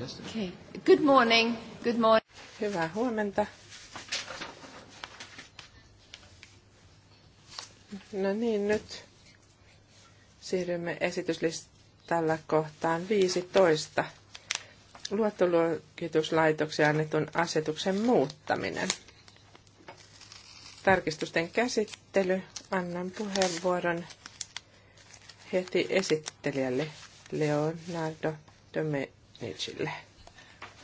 Okay. Good morning. Good morning. Hyvää huomenta. No niin, nyt siirrymme esityslistalla kohtaan 15. Luottoluokituslaitoksen annetun asetuksen muuttaminen. Tarkistusten käsittely. Annan puheenvuoron heti esittelijälle Leonardo Domenico. Nitsille.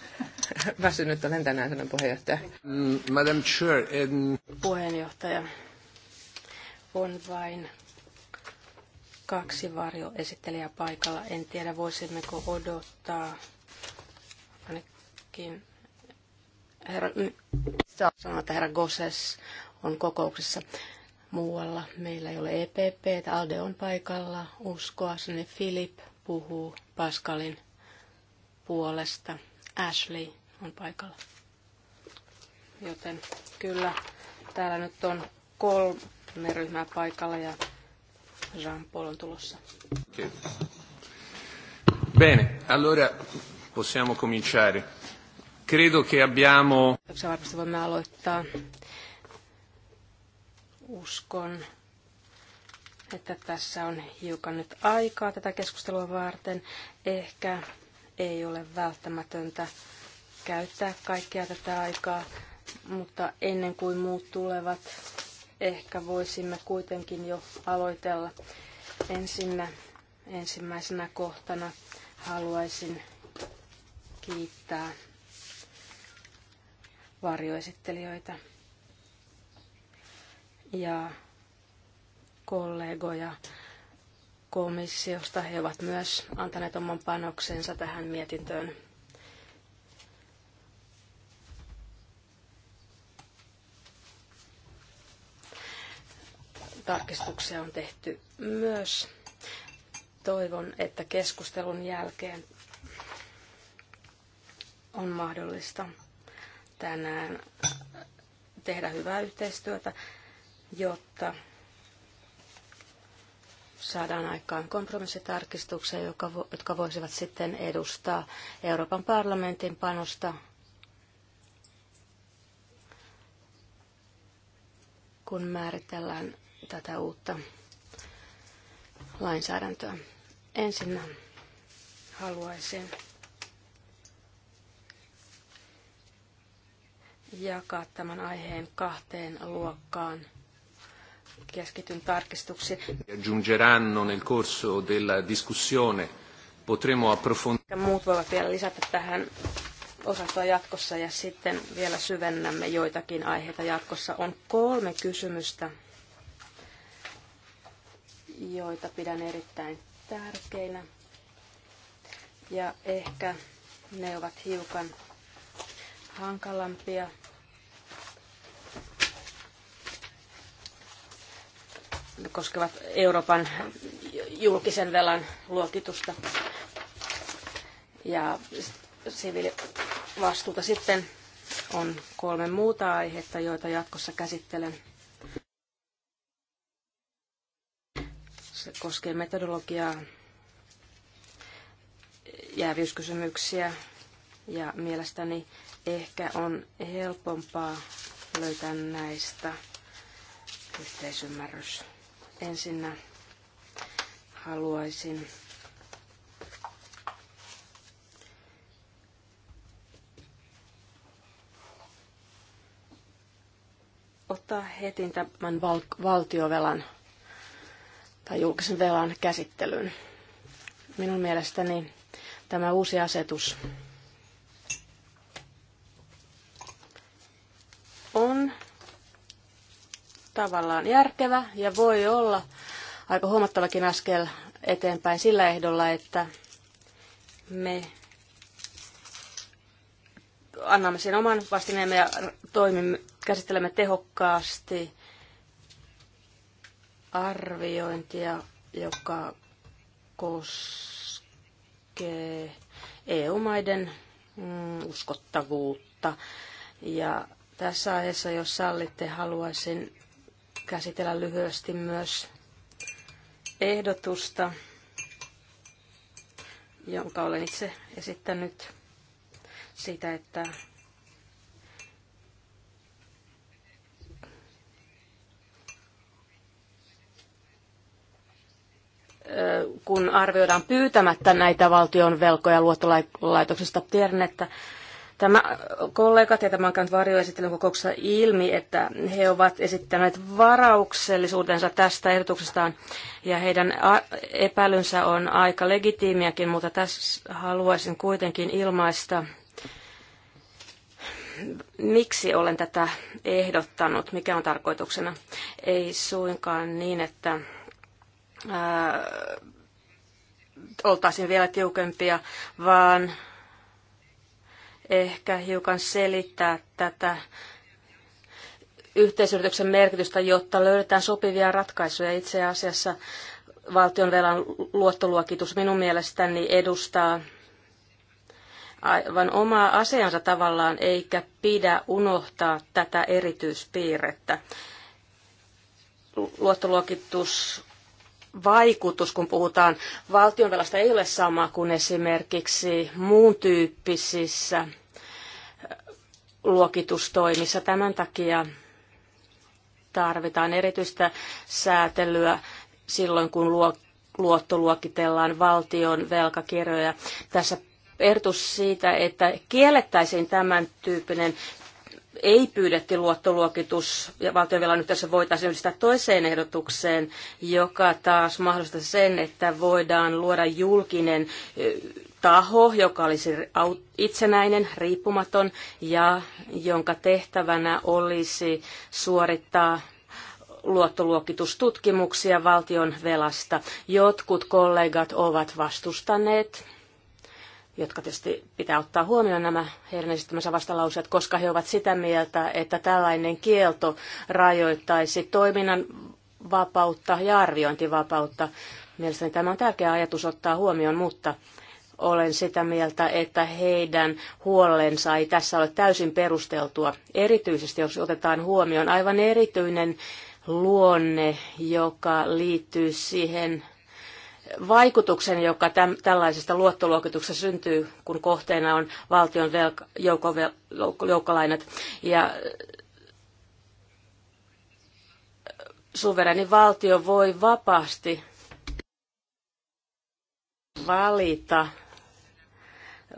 Väsynyt olen tänään, sanon puheenjohtaja. Mm, Madam Chair, en... Puheenjohtaja, on vain kaksi varjoesittelijää paikalla. En tiedä, voisimmeko odottaa ainakin herra, mm, sanoa, että herra Goses on kokouksessa muualla. Meillä ei ole EPP, Alde on paikalla, uskoa sinne Filip puhuu Pascalin puolesta. Ashley on paikalla. Joten kyllä täällä nyt on kolme ryhmää paikalla ja Jean-Paul on tulossa. Bene, allora possiamo cominciare. Credo che abbiamo... Varmasti voimme aloittaa. Uskon, että tässä on hiukan nyt aikaa tätä keskustelua varten. Ehkä ei ole välttämätöntä käyttää kaikkea tätä aikaa, mutta ennen kuin muut tulevat, ehkä voisimme kuitenkin jo aloitella. Ensinnä, ensimmäisenä kohtana haluaisin kiittää varjoesittelijöitä ja kollegoja komissiosta. He ovat myös antaneet oman panoksensa tähän mietintöön. Tarkistuksia on tehty myös. Toivon, että keskustelun jälkeen on mahdollista tänään tehdä hyvää yhteistyötä, jotta saadaan aikaan kompromissitarkistuksia, jotka, jotka voisivat sitten edustaa Euroopan parlamentin panosta kun määritellään tätä uutta lainsäädäntöä. Ensin haluaisin jakaa tämän aiheen kahteen luokkaan – keskityn tarkistuksiin. Aggiungeranno nel corso della discussione. Potremo approfondire. Muut voivat vielä lisätä tähän osastoa jatkossa ja sitten vielä syvennämme joitakin aiheita jatkossa. On kolme kysymystä, joita pidän erittäin tärkeinä. Ja ehkä ne ovat hiukan hankalampia koskevat Euroopan julkisen velan luokitusta ja siviilivastuuta. Sitten on kolme muuta aihetta, joita jatkossa käsittelen. Se koskee metodologiaa, jäävyyskysymyksiä ja mielestäni ehkä on helpompaa löytää näistä yhteisymmärrys. Ensinnä haluaisin ottaa heti tämän val- valtiovelan tai julkisen velan käsittelyyn. Minun mielestäni tämä uusi asetus tavallaan järkevä ja voi olla aika huomattavakin askel eteenpäin sillä ehdolla, että me annamme sen oman vastineemme ja toimimme, käsittelemme tehokkaasti arviointia, joka koskee EU-maiden mm, uskottavuutta. Ja tässä aiheessa, jos sallitte, haluaisin käsitellä lyhyesti myös ehdotusta, jonka olen itse esittänyt siitä, että kun arvioidaan pyytämättä näitä valtion velkoja luottolaitoksesta, tiedän, että Tämä kollegat ja on käynyt varjoesittelyn kokouksessa ilmi, että he ovat esittäneet varauksellisuutensa tästä ehdotuksestaan ja heidän epäilynsä on aika legitiimiäkin, mutta tässä haluaisin kuitenkin ilmaista miksi olen tätä ehdottanut, mikä on tarkoituksena. Ei suinkaan niin, että ää, oltaisiin vielä tiukempia, vaan ehkä hiukan selittää tätä yhteisyrityksen merkitystä, jotta löydetään sopivia ratkaisuja. Itse asiassa valtionvelan luottoluokitus minun mielestäni edustaa aivan omaa asiansa tavallaan, eikä pidä unohtaa tätä erityispiirrettä. Luottoluokitus vaikutus, kun puhutaan valtionvelasta, ei ole sama kuin esimerkiksi muun tyyppisissä luokitustoimissa. Tämän takia tarvitaan erityistä säätelyä silloin, kun luottoluokitellaan valtion velkakirjoja. Tässä ehdotus siitä, että kiellettäisiin tämän tyyppinen ei pyydetty luottoluokitus ja valtionvelan yhteydessä voitaisiin yhdistää toiseen ehdotukseen, joka taas mahdollistaisi sen, että voidaan luoda julkinen taho, joka olisi itsenäinen, riippumaton ja jonka tehtävänä olisi suorittaa luottoluokitustutkimuksia valtion velasta. Jotkut kollegat ovat vastustaneet jotka tietysti pitää ottaa huomioon nämä heidän esittämänsä vastalauseet, koska he ovat sitä mieltä, että tällainen kielto rajoittaisi toiminnan vapautta ja arviointivapautta. Mielestäni tämä on tärkeä ajatus ottaa huomioon, mutta olen sitä mieltä, että heidän huolensa ei tässä ole täysin perusteltua, erityisesti jos otetaan huomioon aivan erityinen luonne, joka liittyy siihen vaikutuksen, joka täm, tällaisesta luottoluokituksesta syntyy, kun kohteena on valtion velka, joukovel, joukkolainat. Ja äh, suvereni valtio voi vapaasti valita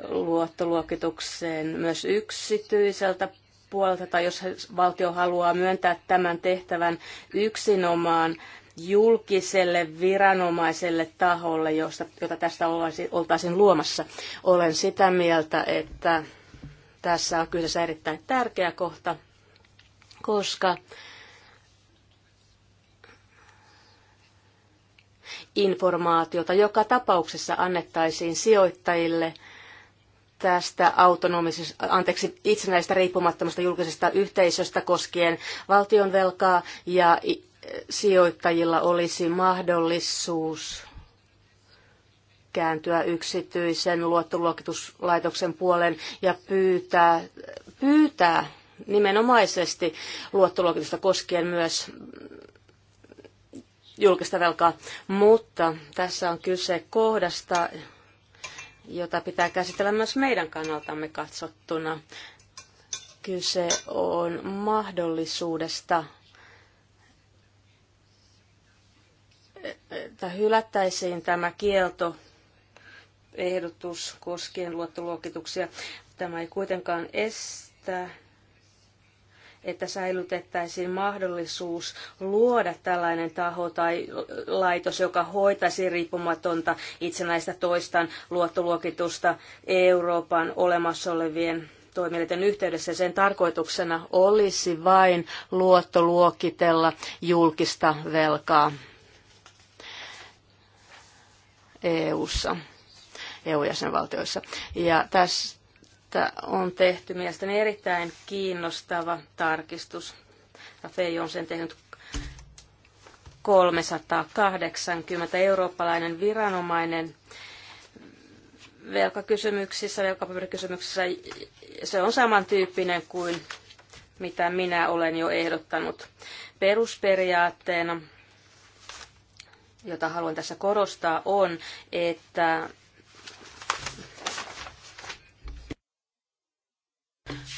luottoluokitukseen myös yksityiseltä puolelta, tai jos valtio haluaa myöntää tämän tehtävän yksinomaan julkiselle viranomaiselle taholle, josta, jota tästä oltaisiin luomassa. Olen sitä mieltä, että tässä on kyseessä erittäin tärkeä kohta, koska informaatiota joka tapauksessa annettaisiin sijoittajille tästä autonomisesta, anteeksi, itsenäistä riippumattomasta julkisesta yhteisöstä koskien valtionvelkaa ja sijoittajilla olisi mahdollisuus kääntyä yksityisen luottoluokituslaitoksen puoleen ja pyytää, pyytää nimenomaisesti luottoluokitusta koskien myös julkista velkaa. Mutta tässä on kyse kohdasta, jota pitää käsitellä myös meidän kannaltamme katsottuna. Kyse on mahdollisuudesta että hylättäisiin tämä kielto ehdotus koskien luottoluokituksia. Tämä ei kuitenkaan estä, että säilytettäisiin mahdollisuus luoda tällainen taho tai laitos, joka hoitaisi riippumatonta itsenäistä toistan luottoluokitusta Euroopan olemassa olevien toimielinten yhteydessä. Sen tarkoituksena olisi vain luottoluokitella julkista velkaa EU-ssa, EU-jäsenvaltioissa. Ja tästä on tehty mielestäni erittäin kiinnostava tarkistus. Fei on sen tehnyt 380 eurooppalainen viranomainen velkakysymyksissä, velkapaperikysymyksissä. Se on samantyyppinen kuin mitä minä olen jo ehdottanut perusperiaatteena jota haluan tässä korostaa, on, että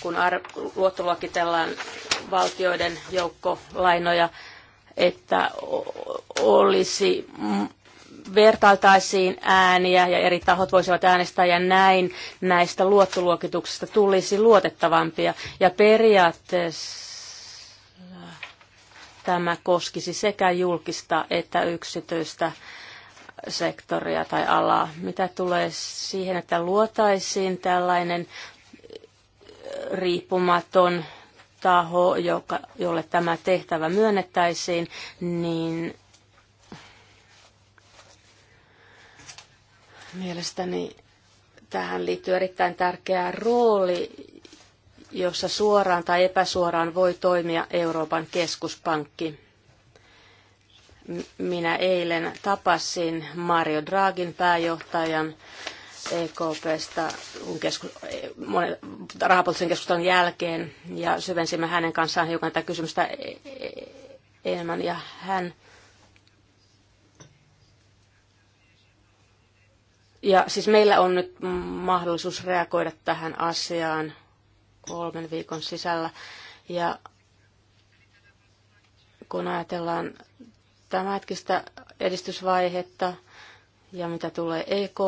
kun ar- luottoluokitellaan valtioiden joukkolainoja, että olisi vertailtaisiin ääniä ja eri tahot voisivat äänestää ja näin näistä luottoluokituksista tulisi luotettavampia. Ja periaatteessa Tämä koskisi sekä julkista että yksityistä sektoria tai alaa. Mitä tulee siihen, että luotaisiin tällainen riippumaton taho, joka, jolle tämä tehtävä myönnettäisiin, niin mielestäni tähän liittyy erittäin tärkeä rooli, jossa suoraan tai epäsuoraan voi toimia Euroopan keskuspankki. Minä eilen tapasin Mario Dragin pääjohtajan EKPstä keskus, e, rahapoliittisen keskustelun jälkeen ja syvensimme hänen kanssaan hiukan tätä kysymystä e- e- enemmän ja hän Ja siis meillä on nyt mahdollisuus reagoida tähän asiaan kolmen viikon sisällä. Ja kun ajatellaan tämänhetkistä edistysvaihetta ja mitä tulee ekp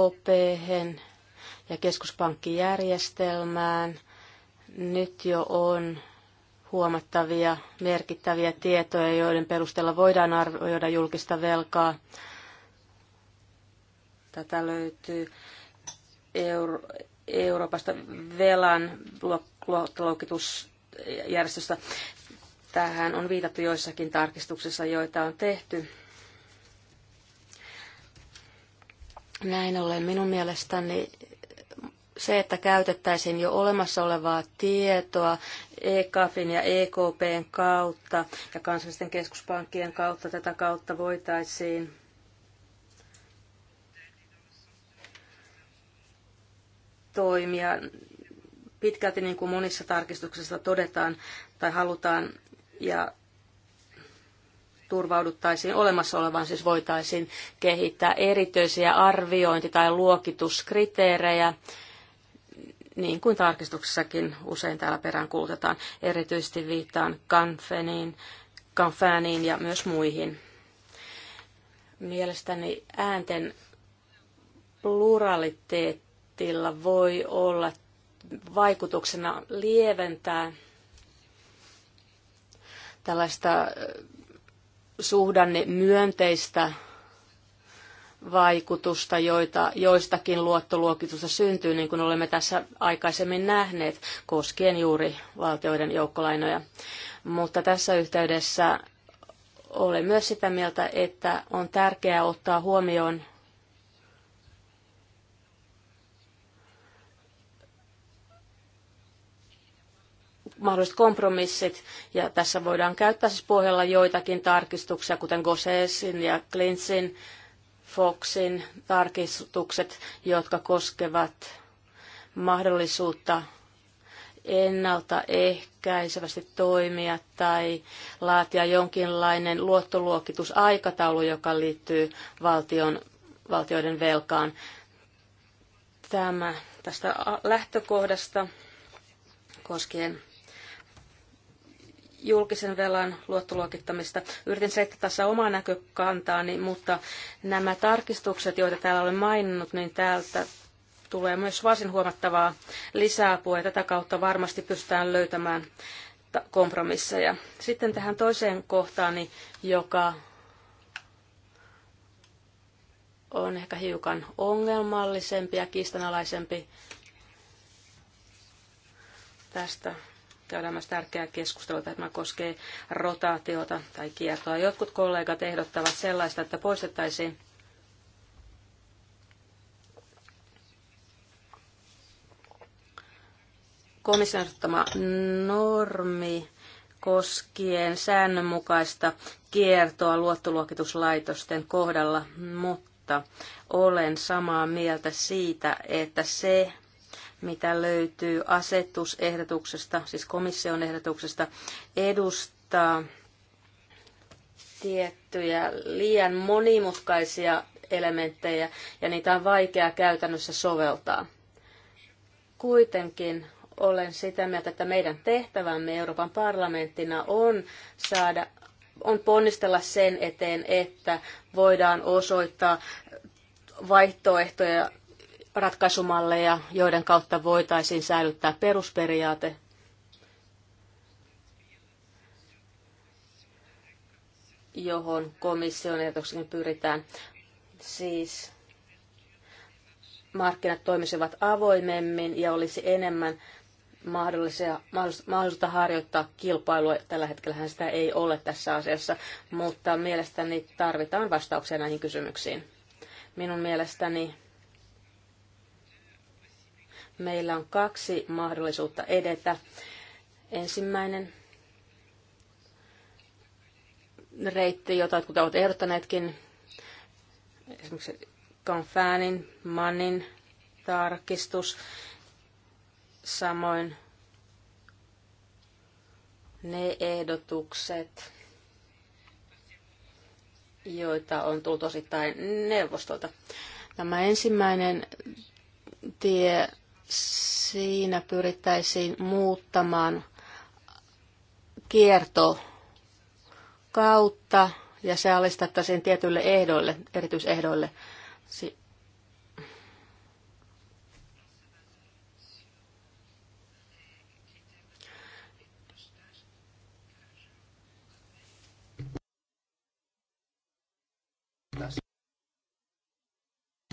ja keskuspankkijärjestelmään, nyt jo on huomattavia, merkittäviä tietoja, joiden perusteella voidaan arvioida julkista velkaa. Tätä löytyy euro, Euroopasta velan luottoluokitusjärjestöstä. Tähän on viitattu joissakin tarkistuksissa, joita on tehty. Näin ollen minun mielestäni se, että käytettäisiin jo olemassa olevaa tietoa EKFin ja EKPn kautta ja kansallisten keskuspankkien kautta tätä kautta voitaisiin toimia pitkälti niin kuin monissa tarkistuksissa todetaan tai halutaan ja turvauduttaisiin olemassa olevaan, siis voitaisiin kehittää erityisiä arviointi- tai luokituskriteerejä, niin kuin tarkistuksessakin usein täällä perään kuulutetaan. Erityisesti viittaan kanfeniin, kanfääniin ja myös muihin. Mielestäni äänten pluraliteetti paketilla voi olla vaikutuksena lieventää tällaista suhdanne myönteistä vaikutusta, joita joistakin luottoluokitusta syntyy, niin kuin olemme tässä aikaisemmin nähneet, koskien juuri valtioiden joukkolainoja. Mutta tässä yhteydessä olen myös sitä mieltä, että on tärkeää ottaa huomioon mahdolliset kompromissit, ja tässä voidaan käyttää siis pohjalla joitakin tarkistuksia, kuten Gosesin ja Klintsin, Foxin tarkistukset, jotka koskevat mahdollisuutta ennaltaehkäisevästi toimia tai laatia jonkinlainen luottoluokitusaikataulu, joka liittyy valtion, valtioiden velkaan. Tämä tästä lähtökohdasta koskien julkisen velan luottoluokittamista. Yritin seittää tässä omaa näkökantaani, mutta nämä tarkistukset, joita täällä olen maininnut, niin täältä tulee myös varsin huomattavaa lisäapua ja tätä kautta varmasti pystytään löytämään kompromisseja. Sitten tähän toiseen kohtaan, niin joka on ehkä hiukan ongelmallisempi ja kiistanalaisempi tästä käydään myös tärkeää keskustelua. Tämä koskee rotaatiota tai kiertoa. Jotkut kollegat ehdottavat sellaista, että poistettaisiin komission ottama normi koskien säännönmukaista kiertoa luottoluokituslaitosten kohdalla, mutta olen samaa mieltä siitä, että se mitä löytyy asetusehdotuksesta, siis komission ehdotuksesta, edustaa tiettyjä liian monimutkaisia elementtejä ja niitä on vaikea käytännössä soveltaa. Kuitenkin olen sitä mieltä, että meidän tehtävämme Euroopan parlamenttina on saada on ponnistella sen eteen, että voidaan osoittaa vaihtoehtoja ratkaisumalleja, joiden kautta voitaisiin säilyttää perusperiaate. johon komission ehdotuksiin pyritään. Siis markkinat toimisivat avoimemmin ja olisi enemmän mahdollisia, mahdollisuutta harjoittaa kilpailua. Tällä hetkellä sitä ei ole tässä asiassa, mutta mielestäni tarvitaan vastauksia näihin kysymyksiin. Minun mielestäni Meillä on kaksi mahdollisuutta edetä. Ensimmäinen reitti, jota kun olet ehdottaneetkin, esimerkiksi Confanin, Mannin tarkistus, samoin ne ehdotukset, joita on tullut osittain neuvostolta. Tämä ensimmäinen tie Siinä pyrittäisiin muuttamaan kierto kautta ja se alistettaisiin tietyille ehdoille, erityisehdoille. Si-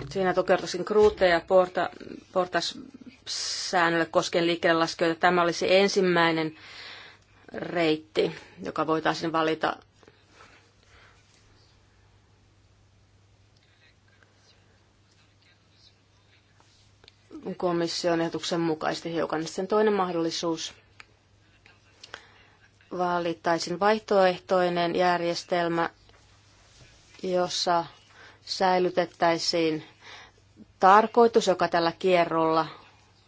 Siinä tukeutuisin Kruute ja porta, portas säännölle koskien liikkeelle Tämä olisi ensimmäinen reitti, joka voitaisiin valita komission ehdotuksen mukaisesti hiukan. Sen toinen mahdollisuus valittaisin vaihtoehtoinen järjestelmä, jossa säilytettäisiin tarkoitus, joka tällä kierrolla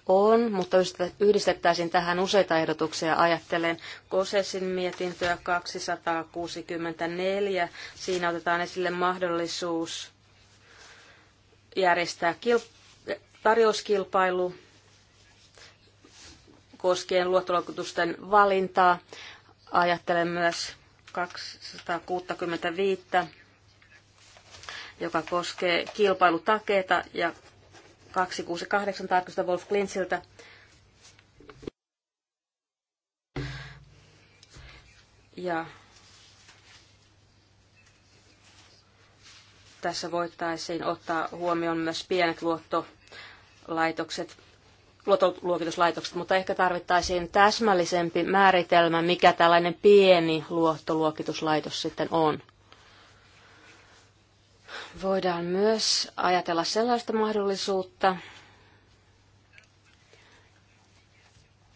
on, mutta yhdistettäisiin tähän useita ehdotuksia. Ajattelen Kosesin mietintöä 264. Siinä otetaan esille mahdollisuus järjestää tarjouskilpailu koskien luottoluokitusten valintaa. Ajattelen myös 265 joka koskee kilpailutakeita ja 268 tarkistusta Wolf Klintziltä. Ja tässä voitaisiin ottaa huomioon myös pienet luottolaitokset, luottoluokituslaitokset, mutta ehkä tarvittaisiin täsmällisempi määritelmä, mikä tällainen pieni luottoluokituslaitos sitten on. Voidaan myös ajatella sellaista mahdollisuutta,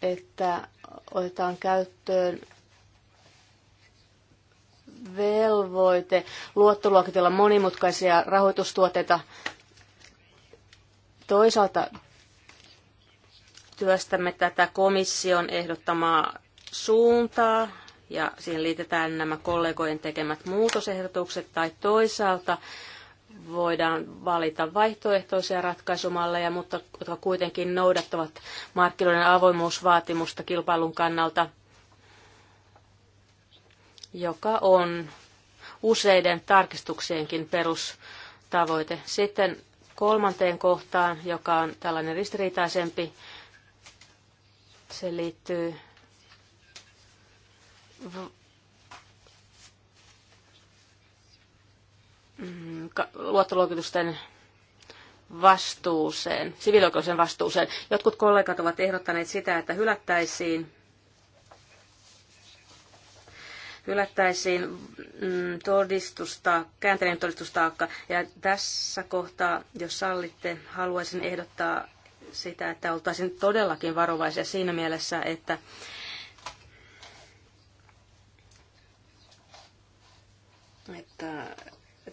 että otetaan käyttöön velvoite luottoluokitella monimutkaisia rahoitustuotteita. Toisaalta työstämme tätä komission ehdottamaa suuntaa ja siihen liitetään nämä kollegojen tekemät muutosehdotukset tai toisaalta voidaan valita vaihtoehtoisia ratkaisumalleja, mutta jotka kuitenkin noudattavat markkinoiden avoimuusvaatimusta kilpailun kannalta, joka on useiden tarkistuksienkin perustavoite. Sitten kolmanteen kohtaan, joka on tällainen ristiriitaisempi, se liittyy Mm, luottoluokitusten vastuuseen, siviilioikeuden vastuuseen. Jotkut kollegat ovat ehdottaneet sitä, että hylättäisiin hylättäisiin mm, todistusta käänteinen todistustaakka. Ja tässä kohtaa, jos sallitte, haluaisin ehdottaa sitä, että oltaisiin todellakin varovaisia siinä mielessä, että että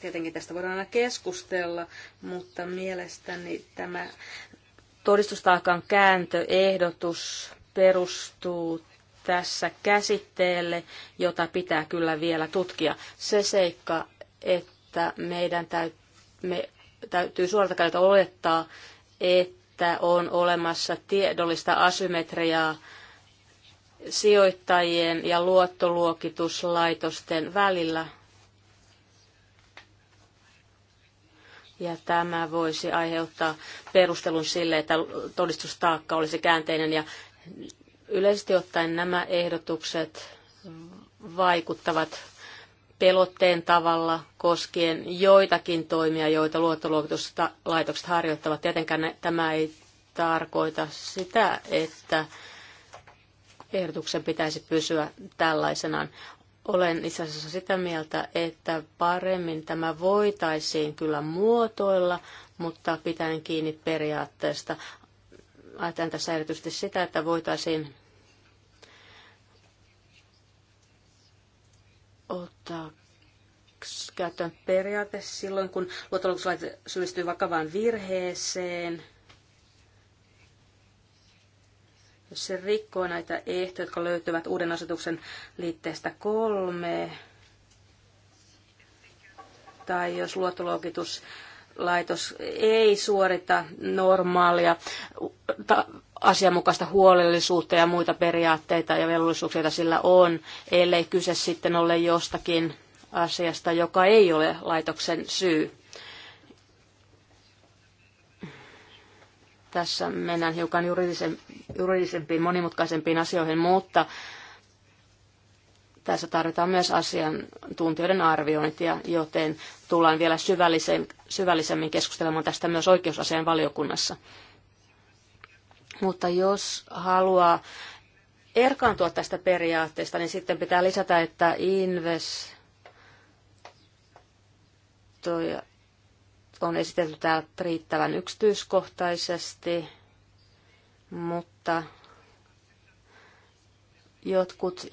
Tietenkin tästä voidaan aina keskustella, mutta mielestäni tämä todistustaakan kääntöehdotus perustuu tässä käsitteelle, jota pitää kyllä vielä tutkia. Se seikka, että meidän täytyy, me täytyy suoralta käytä olettaa, että on olemassa tiedollista asymmetriaa sijoittajien ja luottoluokituslaitosten välillä Ja tämä voisi aiheuttaa perustelun sille, että todistustaakka olisi käänteinen. Ja yleisesti ottaen nämä ehdotukset vaikuttavat pelotteen tavalla koskien joitakin toimia, joita luottoluokituslaitokset harjoittavat. Tietenkään tämä ei tarkoita sitä, että ehdotuksen pitäisi pysyä tällaisenaan. Olen itse asiassa sitä mieltä, että paremmin tämä voitaisiin kyllä muotoilla, mutta pitäen kiinni periaatteesta. Ajattelen tässä erityisesti sitä, että voitaisiin ottaa käyttöön periaate silloin, kun luottoluokituslaite syyllistyy vakavaan virheeseen – Jos se rikkoo näitä ehtoja, jotka löytyvät uuden asetuksen liitteestä kolme, tai jos luottoluokituslaitos ei suorita normaalia asianmukaista huolellisuutta ja muita periaatteita ja velvollisuuksia, joita sillä on, ellei kyse sitten ole jostakin asiasta, joka ei ole laitoksen syy. Tässä mennään hiukan juridisempiin, monimutkaisempiin asioihin, mutta tässä tarvitaan myös asiantuntijoiden arviointia, joten tullaan vielä syvällisemmin keskustelemaan tästä myös oikeusasian valiokunnassa. Mutta jos haluaa erkaantua tästä periaatteesta, niin sitten pitää lisätä, että investoija on esitelty täällä riittävän yksityiskohtaisesti, mutta jotkut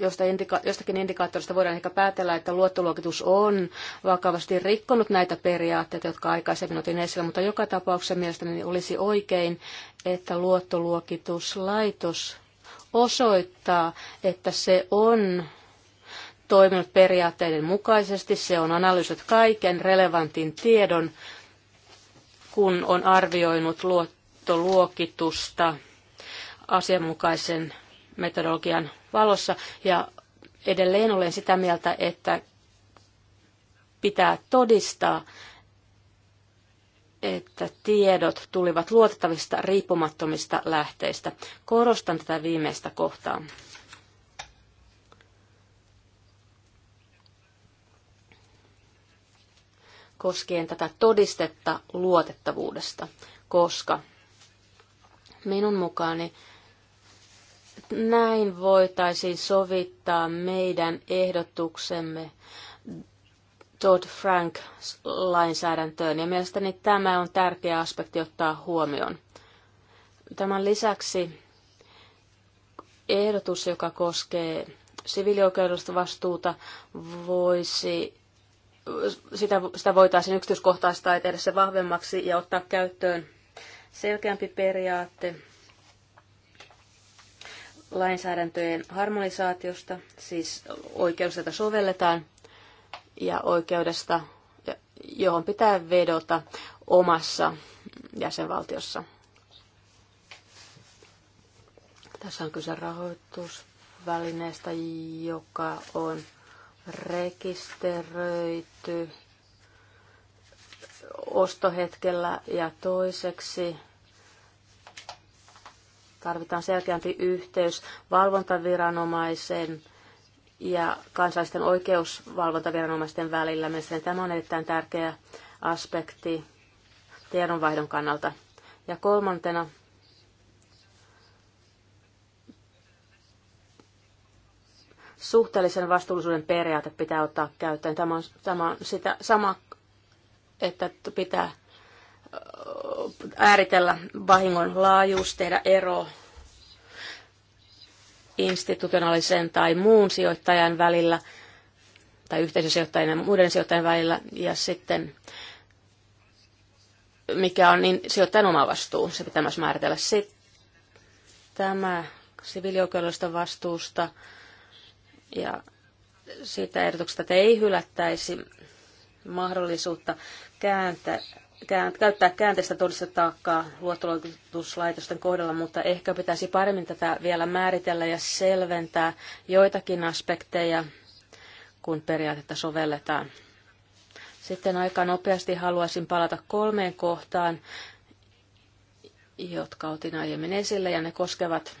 josta indika- jostakin indikaattorista voidaan ehkä päätellä, että luottoluokitus on vakavasti rikkonut näitä periaatteita, jotka aikaisemmin otin esille, mutta joka tapauksessa mielestäni olisi oikein, että luottoluokituslaitos osoittaa, että se on toiminut periaatteiden mukaisesti. Se on analysoinut kaiken relevantin tiedon, kun on arvioinut luottoluokitusta asianmukaisen metodologian valossa. Ja edelleen olen sitä mieltä, että pitää todistaa, että tiedot tulivat luotettavista riippumattomista lähteistä. Korostan tätä viimeistä kohtaa. koskien tätä todistetta luotettavuudesta, koska minun mukaani näin voitaisiin sovittaa meidän ehdotuksemme Todd frank lainsäädäntöön ja mielestäni tämä on tärkeä aspekti ottaa huomioon. Tämän lisäksi ehdotus, joka koskee siviilioikeudellista vastuuta, voisi sitä, sitä voitaisiin yksityiskohtaista ja tehdä se vahvemmaksi ja ottaa käyttöön selkeämpi periaate lainsäädäntöjen harmonisaatiosta, siis oikeus, jota sovelletaan, ja oikeudesta, johon pitää vedota omassa jäsenvaltiossa. Tässä on kyse rahoitusvälineestä, joka on rekisteröity ostohetkellä ja toiseksi tarvitaan selkeämpi yhteys valvontaviranomaisen ja kansallisten oikeusvalvontaviranomaisten välillä. Mielestäni tämä on erittäin tärkeä aspekti tiedonvaihdon kannalta. Ja kolmantena suhteellisen vastuullisuuden periaate pitää ottaa käyttöön. Tämä on, tämä on sitä sama, että pitää ääritellä vahingon laajuus, tehdä ero institutionaalisen tai muun sijoittajan välillä tai yhteisösijoittajien ja muiden sijoittajien välillä ja sitten mikä on niin sijoittajan oma vastuu, se pitää myös määritellä. Sitten tämä siviilioikeudellisesta vastuusta ja siitä ehdotuksesta, että ei hylättäisi mahdollisuutta kääntää, käänt, käyttää käänteistä todistetaakkaa luottoluokituslaitosten kohdalla, mutta ehkä pitäisi paremmin tätä vielä määritellä ja selventää joitakin aspekteja, kun periaatetta sovelletaan. Sitten aika nopeasti haluaisin palata kolmeen kohtaan, jotka otin aiemmin esille, ja ne koskevat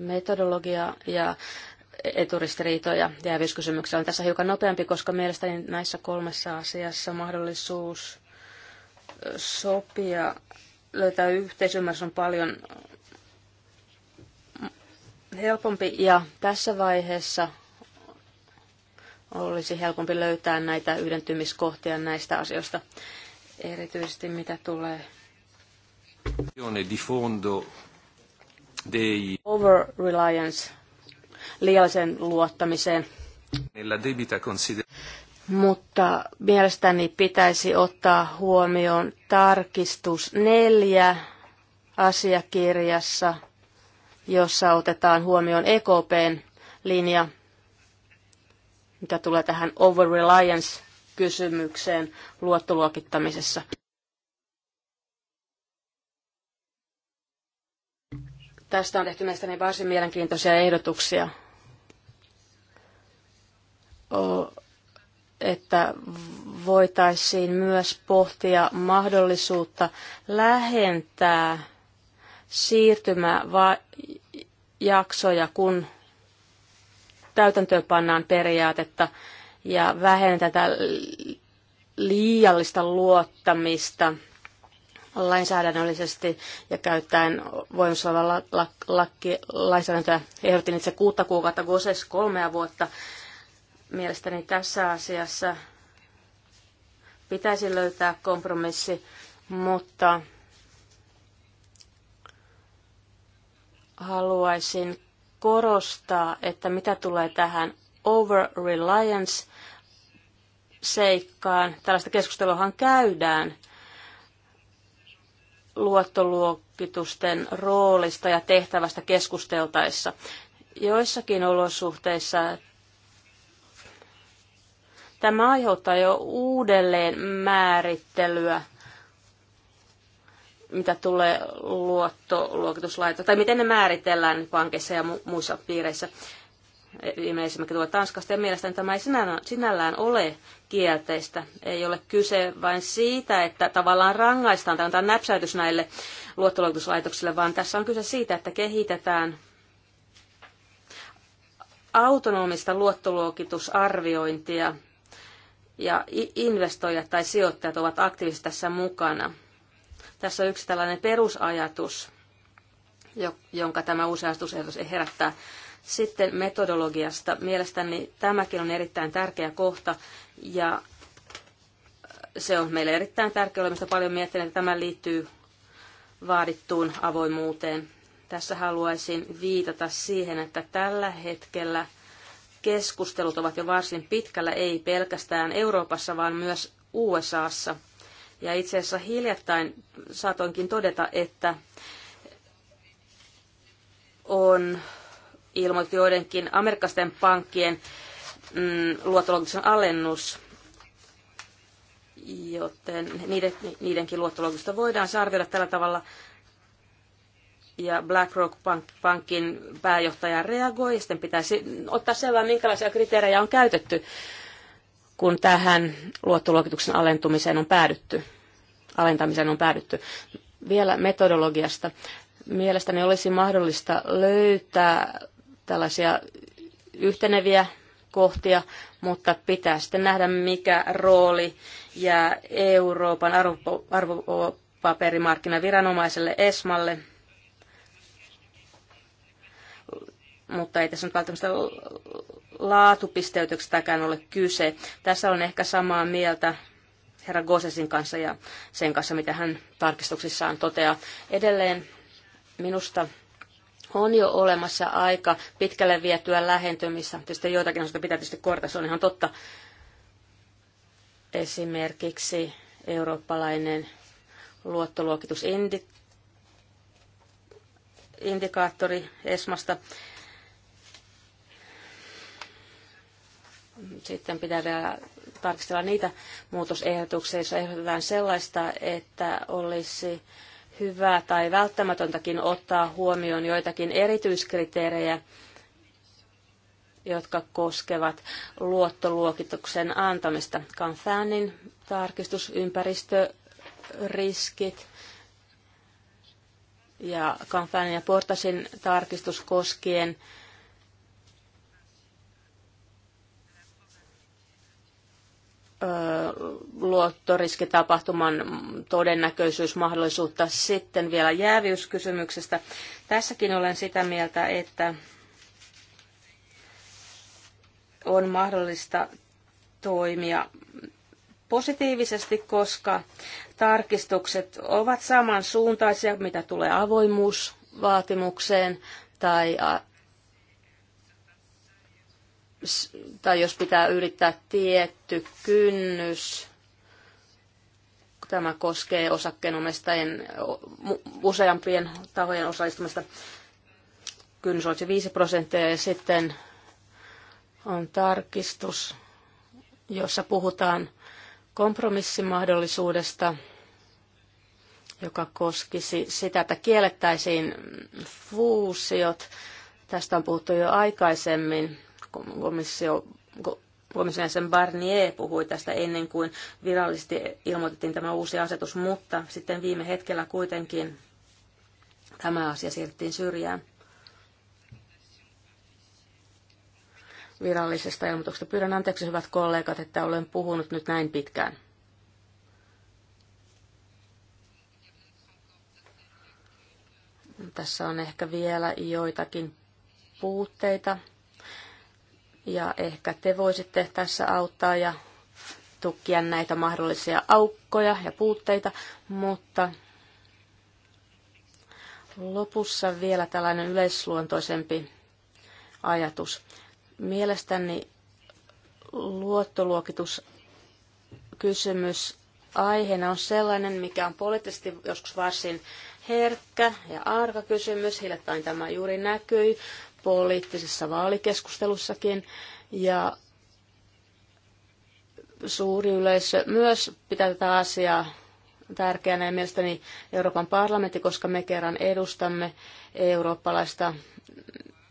metodologia ja eturistiriitoja jäävyyskysymyksiä on tässä hiukan nopeampi, koska mielestäni näissä kolmessa asiassa mahdollisuus sopia, löytää yhteisymmärrys on paljon helpompi ja tässä vaiheessa olisi helpompi löytää näitä yhdentymiskohtia näistä asioista, erityisesti mitä tulee. Di fondo dei over-reliance, liiallisen luottamiseen. Mutta mielestäni pitäisi ottaa huomioon tarkistus neljä asiakirjassa, jossa otetaan huomioon EKPn linja, mitä tulee tähän over-reliance kysymykseen luottoluokittamisessa. Tästä on tehty mielestäni varsin mielenkiintoisia ehdotuksia, että voitaisiin myös pohtia mahdollisuutta lähentää siirtymäjaksoja, kun pannaan periaatetta ja vähentää liiallista luottamista – lainsäädännöllisesti ja käyttäen voimassa olevaa la- la- lainsäädäntöä. Ehdotin itse kuutta kuukautta, GOSES kolmea vuotta. Mielestäni tässä asiassa pitäisi löytää kompromissi, mutta haluaisin korostaa, että mitä tulee tähän over-reliance seikkaan. Tällaista keskusteluahan käydään – luottoluokitusten roolista ja tehtävästä keskusteltaessa. Joissakin olosuhteissa tämä aiheuttaa jo uudelleen määrittelyä, mitä tulee luottoluokituslaitoksiin, tai miten ne määritellään pankissa ja muissa piireissä viimeisimmät tuo Tanskasta, ja mielestäni tämä ei sinällään, sinällään ole kielteistä. Ei ole kyse vain siitä, että tavallaan rangaistaan tai antaa näpsäytys näille luottoluokituslaitoksille, vaan tässä on kyse siitä, että kehitetään autonomista luottoluokitusarviointia, ja investoijat tai sijoittajat ovat aktiivisesti tässä mukana. Tässä on yksi tällainen perusajatus – jonka tämä uusi asetusehdotus herättää. Sitten metodologiasta. Mielestäni tämäkin on erittäin tärkeä kohta ja se on meille erittäin tärkeä. Olemme paljon miettineet, että tämä liittyy vaadittuun avoimuuteen. Tässä haluaisin viitata siihen, että tällä hetkellä keskustelut ovat jo varsin pitkällä, ei pelkästään Euroopassa, vaan myös USAssa. Ja itse asiassa hiljattain saatoinkin todeta, että on ilmoitettu joidenkin amerikkalaisten pankkien mm, luottologisen alennus, joten niiden, niidenkin luottologista voidaan arvioida tällä tavalla. Ja BlackRock-pankin pääjohtaja reagoi, sitten pitäisi ottaa selvää, minkälaisia kriteerejä on käytetty, kun tähän luottoluokituksen alentumiseen on päädytty, alentamiseen on päädytty. Vielä metodologiasta. Mielestäni olisi mahdollista löytää tällaisia yhteneviä kohtia, mutta pitää sitten nähdä, mikä rooli jää Euroopan arvopaperimarkkinaviranomaiselle ESMalle. Mutta ei tässä nyt välttämättä laatupisteytyksestäkään ole kyse. Tässä on ehkä samaa mieltä herra Gosesin kanssa ja sen kanssa, mitä hän tarkistuksissaan toteaa. Edelleen Minusta on jo olemassa aika pitkälle vietyä lähentymistä. Tietysti joitakin asioita pitää tietysti korjata, se on ihan totta. Esimerkiksi eurooppalainen luottoluokitusindikaattori ESMasta. Sitten pitää vielä tarkistella niitä muutosehdotuksia, joissa ehdotetaan sellaista, että olisi hyvää tai välttämätöntäkin ottaa huomioon joitakin erityiskriteerejä, jotka koskevat luottoluokituksen antamista. Kanfanin tarkistus, ympäristöriskit ja Kanfanin ja Portasin tarkistus koskien luottoriskitapahtuman todennäköisyys, mahdollisuutta. Sitten vielä jääviyskysymyksestä. Tässäkin olen sitä mieltä, että on mahdollista toimia positiivisesti, koska tarkistukset ovat samansuuntaisia, mitä tulee avoimuusvaatimukseen tai tai jos pitää ylittää tietty kynnys, tämä koskee osakkeenomistajien useampien tahojen osallistumista, kynnys olisi 5 prosenttia ja sitten on tarkistus, jossa puhutaan kompromissimahdollisuudesta, joka koskisi sitä, että kiellettäisiin fuusiot. Tästä on puhuttu jo aikaisemmin komissio, komission jäsen Barnier puhui tästä ennen kuin virallisesti ilmoitettiin tämä uusi asetus, mutta sitten viime hetkellä kuitenkin tämä asia siirrettiin syrjään. virallisesta ilmoituksesta. Pyydän anteeksi, hyvät kollegat, että olen puhunut nyt näin pitkään. Tässä on ehkä vielä joitakin puutteita ja ehkä te voisitte tässä auttaa ja tukkia näitä mahdollisia aukkoja ja puutteita, mutta lopussa vielä tällainen yleisluontoisempi ajatus. Mielestäni luottoluokituskysymys aiheena on sellainen, mikä on poliittisesti joskus varsin herkkä ja arka kysymys. Hiljattain tämä juuri näkyi poliittisissa vaalikeskustelussakin ja suuri yleisö myös pitää tätä asiaa tärkeänä ja mielestäni Euroopan parlamentti, koska me kerran edustamme eurooppalaista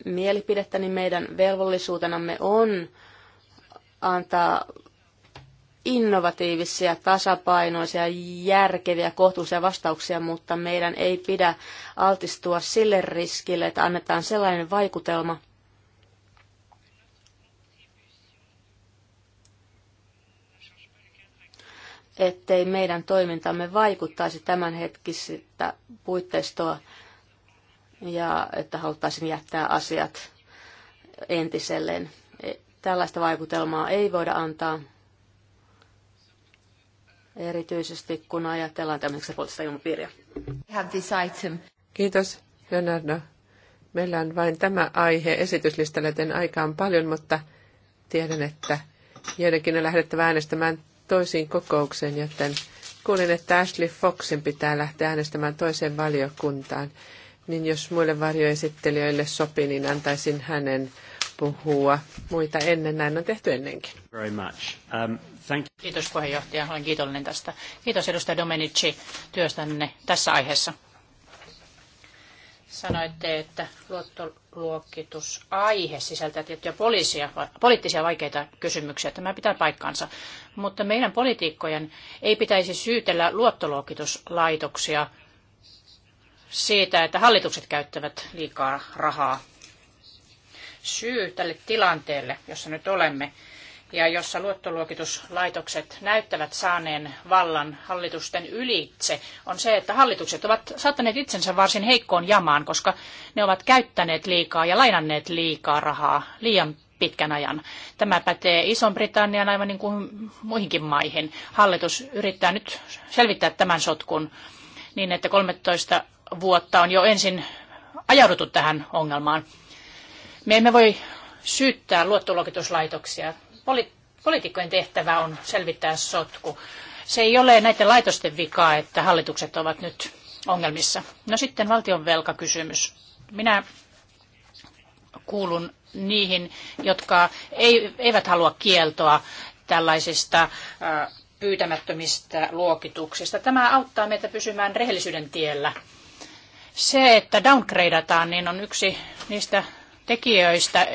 mielipidettä, niin meidän velvollisuutenamme on antaa innovatiivisia, tasapainoisia, järkeviä, kohtuullisia vastauksia, mutta meidän ei pidä altistua sille riskille, että annetaan sellainen vaikutelma, ettei meidän toimintamme vaikuttaisi tämänhetkistä puitteistoa ja että haluttaisiin jättää asiat entiselleen. Tällaista vaikutelmaa ei voida antaa erityisesti kun ajatellaan tämmöistä poliittista ilmapiiriä. Kiitos, Leonardo. Meillä on vain tämä aihe esityslistalla, joten aika on paljon, mutta tiedän, että joidenkin on lähdettävä äänestämään toisiin kokoukseen, joten kuulin, että Ashley Foxin pitää lähteä äänestämään toiseen valiokuntaan. Niin jos muille varjoesittelijöille sopii, niin antaisin hänen puhua muita ennen. Näin on tehty ennenkin. Very much. Um... Thank you. Kiitos puheenjohtaja, olen kiitollinen tästä. Kiitos edustaja Domenici työstänne tässä aiheessa. Sanoitte, että luottoluokitusaihe sisältää tiettyjä poliisia, poliittisia vaikeita kysymyksiä. Tämä pitää paikkansa, Mutta meidän poliitikkojen ei pitäisi syytellä luottoluokituslaitoksia siitä, että hallitukset käyttävät liikaa rahaa. Syy tälle tilanteelle, jossa nyt olemme, ja jossa luottoluokituslaitokset näyttävät saaneen vallan hallitusten ylitse, on se, että hallitukset ovat saattaneet itsensä varsin heikkoon jamaan, koska ne ovat käyttäneet liikaa ja lainanneet liikaa rahaa liian pitkän ajan. Tämä pätee Ison-Britannian aivan niin kuin muihinkin maihin. Hallitus yrittää nyt selvittää tämän sotkun niin, että 13 vuotta on jo ensin ajauduttu tähän ongelmaan. Me emme voi syyttää luottoluokituslaitoksia Poli- poliitikkojen tehtävä on selvittää sotku. Se ei ole näiden laitosten vika, että hallitukset ovat nyt ongelmissa. No sitten valtion velkakysymys. Minä kuulun niihin, jotka ei, eivät halua kieltoa tällaisista pyytämättömistä luokituksista. Tämä auttaa meitä pysymään rehellisyyden tiellä. Se, että downgradeataan, niin on yksi niistä tekijöistä,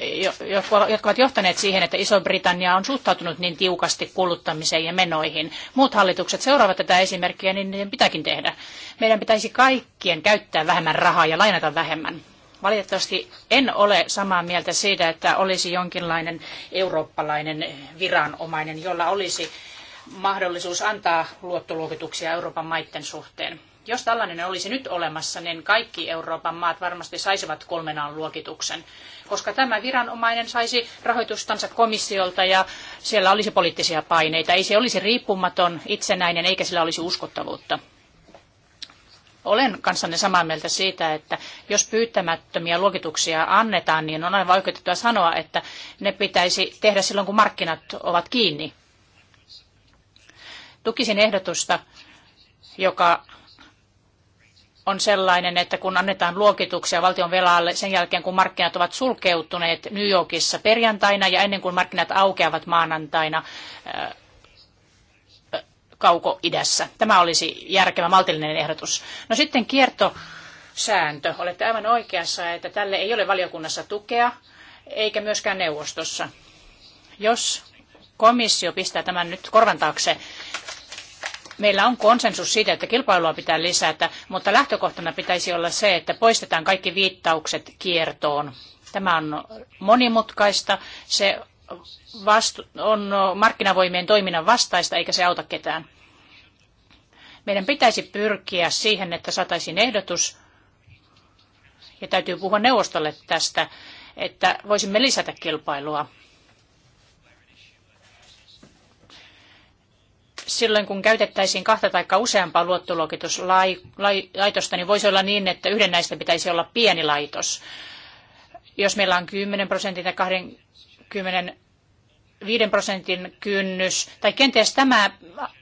jotka ovat johtaneet siihen, että Iso-Britannia on suhtautunut niin tiukasti kuluttamiseen ja menoihin. Muut hallitukset seuraavat tätä esimerkkiä, niin niiden pitääkin tehdä. Meidän pitäisi kaikkien käyttää vähemmän rahaa ja lainata vähemmän. Valitettavasti en ole samaa mieltä siitä, että olisi jonkinlainen eurooppalainen viranomainen, jolla olisi mahdollisuus antaa luottoluokituksia Euroopan maiden suhteen. Jos tällainen olisi nyt olemassa, niin kaikki Euroopan maat varmasti saisivat kolmenaan luokituksen, koska tämä viranomainen saisi rahoitustansa komissiolta ja siellä olisi poliittisia paineita. Ei se olisi riippumaton, itsenäinen eikä sillä olisi uskottavuutta. Olen kanssanne samaa mieltä siitä, että jos pyytämättömiä luokituksia annetaan, niin on aivan oikeutettua sanoa, että ne pitäisi tehdä silloin, kun markkinat ovat kiinni. Tukisin ehdotusta, joka on sellainen, että kun annetaan luokituksia valtion velalle sen jälkeen, kun markkinat ovat sulkeutuneet New Yorkissa perjantaina ja ennen kuin markkinat aukeavat maanantaina kauko-idässä. Tämä olisi järkevä maltillinen ehdotus. No sitten kiertosääntö. Olette aivan oikeassa, että tälle ei ole valiokunnassa tukea eikä myöskään neuvostossa. Jos komissio pistää tämän nyt korvan taakse, meillä on konsensus siitä, että kilpailua pitää lisätä, mutta lähtökohtana pitäisi olla se, että poistetaan kaikki viittaukset kiertoon. Tämä on monimutkaista, se on markkinavoimien toiminnan vastaista eikä se auta ketään. Meidän pitäisi pyrkiä siihen, että saataisiin ehdotus, ja täytyy puhua neuvostolle tästä, että voisimme lisätä kilpailua. silloin kun käytettäisiin kahta tai useampaa luottoluokituslaitosta, niin voisi olla niin, että yhden näistä pitäisi olla pieni laitos. Jos meillä on 10 prosentin tai 20 prosentin kynnys, tai kenties tämä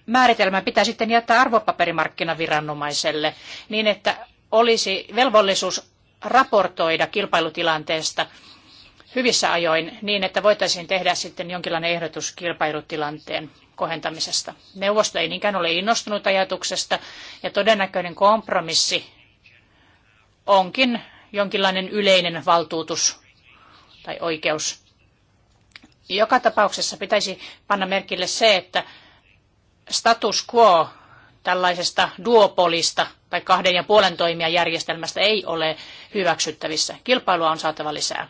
määritelmä pitää sitten jättää arvopaperimarkkinaviranomaiselle, niin että olisi velvollisuus raportoida kilpailutilanteesta hyvissä ajoin niin, että voitaisiin tehdä sitten jonkinlainen ehdotus kilpailutilanteen kohentamisesta. Neuvosto ei niinkään ole innostunut ajatuksesta ja todennäköinen kompromissi onkin jonkinlainen yleinen valtuutus tai oikeus. Joka tapauksessa pitäisi panna merkille se, että status quo tällaisesta duopolista tai kahden ja puolen toimijan järjestelmästä ei ole hyväksyttävissä. Kilpailua on saatava lisää.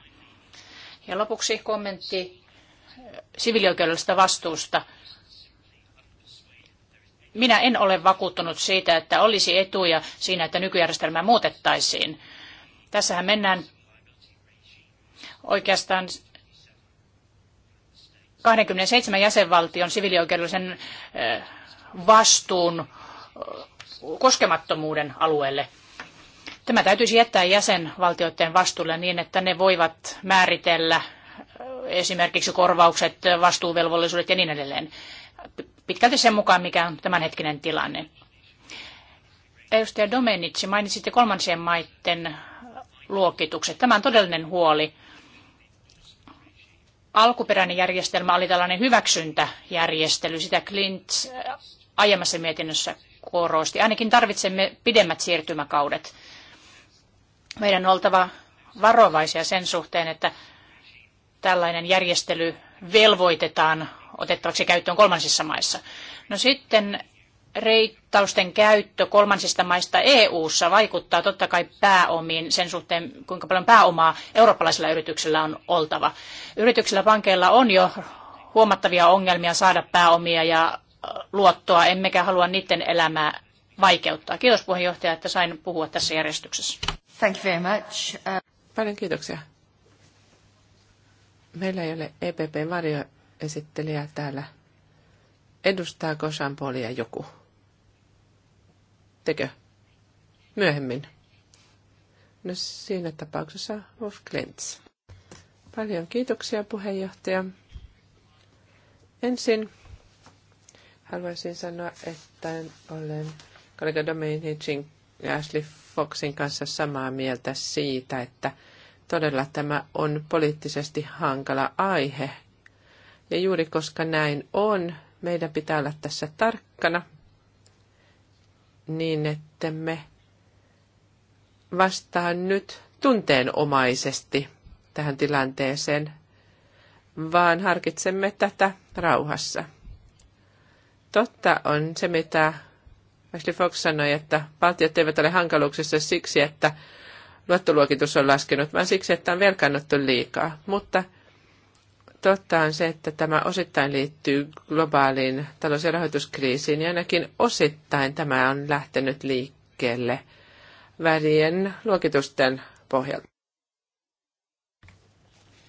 Ja lopuksi kommentti siviilioikeudellisesta vastuusta. Minä en ole vakuuttunut siitä, että olisi etuja siinä, että nykyjärjestelmää muutettaisiin. Tässähän mennään oikeastaan 27 jäsenvaltion sivilioikeudellisen vastuun koskemattomuuden alueelle. Tämä täytyisi jättää jäsenvaltioiden vastuulle niin, että ne voivat määritellä esimerkiksi korvaukset, vastuuvelvollisuudet ja niin edelleen pitkälti sen mukaan, mikä on tämänhetkinen tilanne. Edustaja Domenici, mainitsitte kolmansien maiden luokitukset. Tämä on todellinen huoli. Alkuperäinen järjestelmä oli tällainen hyväksyntäjärjestely, sitä Clint aiemmassa mietinnössä korosti. Ainakin tarvitsemme pidemmät siirtymäkaudet. Meidän on oltava varovaisia sen suhteen, että tällainen järjestely velvoitetaan otettavaksi käyttöön kolmansissa maissa. No sitten reittausten käyttö kolmansista maista EU-ssa vaikuttaa totta kai pääomiin sen suhteen, kuinka paljon pääomaa eurooppalaisilla yrityksillä on oltava. Yrityksillä pankeilla on jo huomattavia ongelmia saada pääomia ja äh, luottoa, emmekä halua niiden elämää vaikeuttaa. Kiitos puheenjohtaja, että sain puhua tässä järjestyksessä. Thank you very much. Uh, paljon kiitoksia. Meillä ei ole epp varjoja esittelijä täällä. Edustaako Sampolia joku? Tekö? Myöhemmin. No siinä tapauksessa Wolf Klintz. Paljon kiitoksia puheenjohtaja. Ensin haluaisin sanoa, että olen kollega Dominicin ja Ashley Foxin kanssa samaa mieltä siitä, että todella tämä on poliittisesti hankala aihe ja juuri koska näin on, meidän pitää olla tässä tarkkana niin, että me vastaan nyt tunteenomaisesti tähän tilanteeseen, vaan harkitsemme tätä rauhassa. Totta on se, mitä Ashley Fox sanoi, että valtiot eivät ole hankaluuksissa siksi, että luottoluokitus on laskenut, vaan siksi, että on velkannuttu liikaa. Mutta Totta on se, että tämä osittain liittyy globaaliin talous- ja rahoituskriisiin ja ainakin osittain tämä on lähtenyt liikkeelle värien luokitusten pohjalta.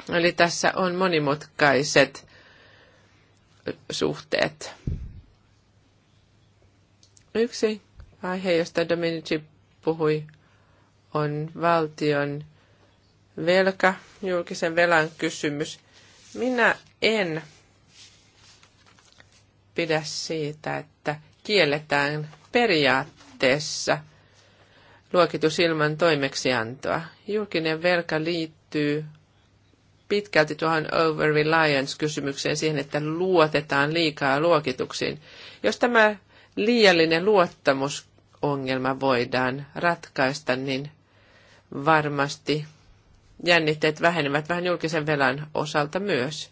Eli tässä on monimutkaiset suhteet. Yksi aihe, josta Dominici puhui, on valtion velka, julkisen velan kysymys. Minä en pidä siitä, että kielletään periaatteessa luokitus ilman toimeksiantoa. Julkinen velka liittyy pitkälti tuohon over-reliance-kysymykseen siihen, että luotetaan liikaa luokituksiin. Jos tämä liiallinen luottamusongelma voidaan ratkaista, niin varmasti jännitteet vähenevät vähän julkisen velan osalta myös.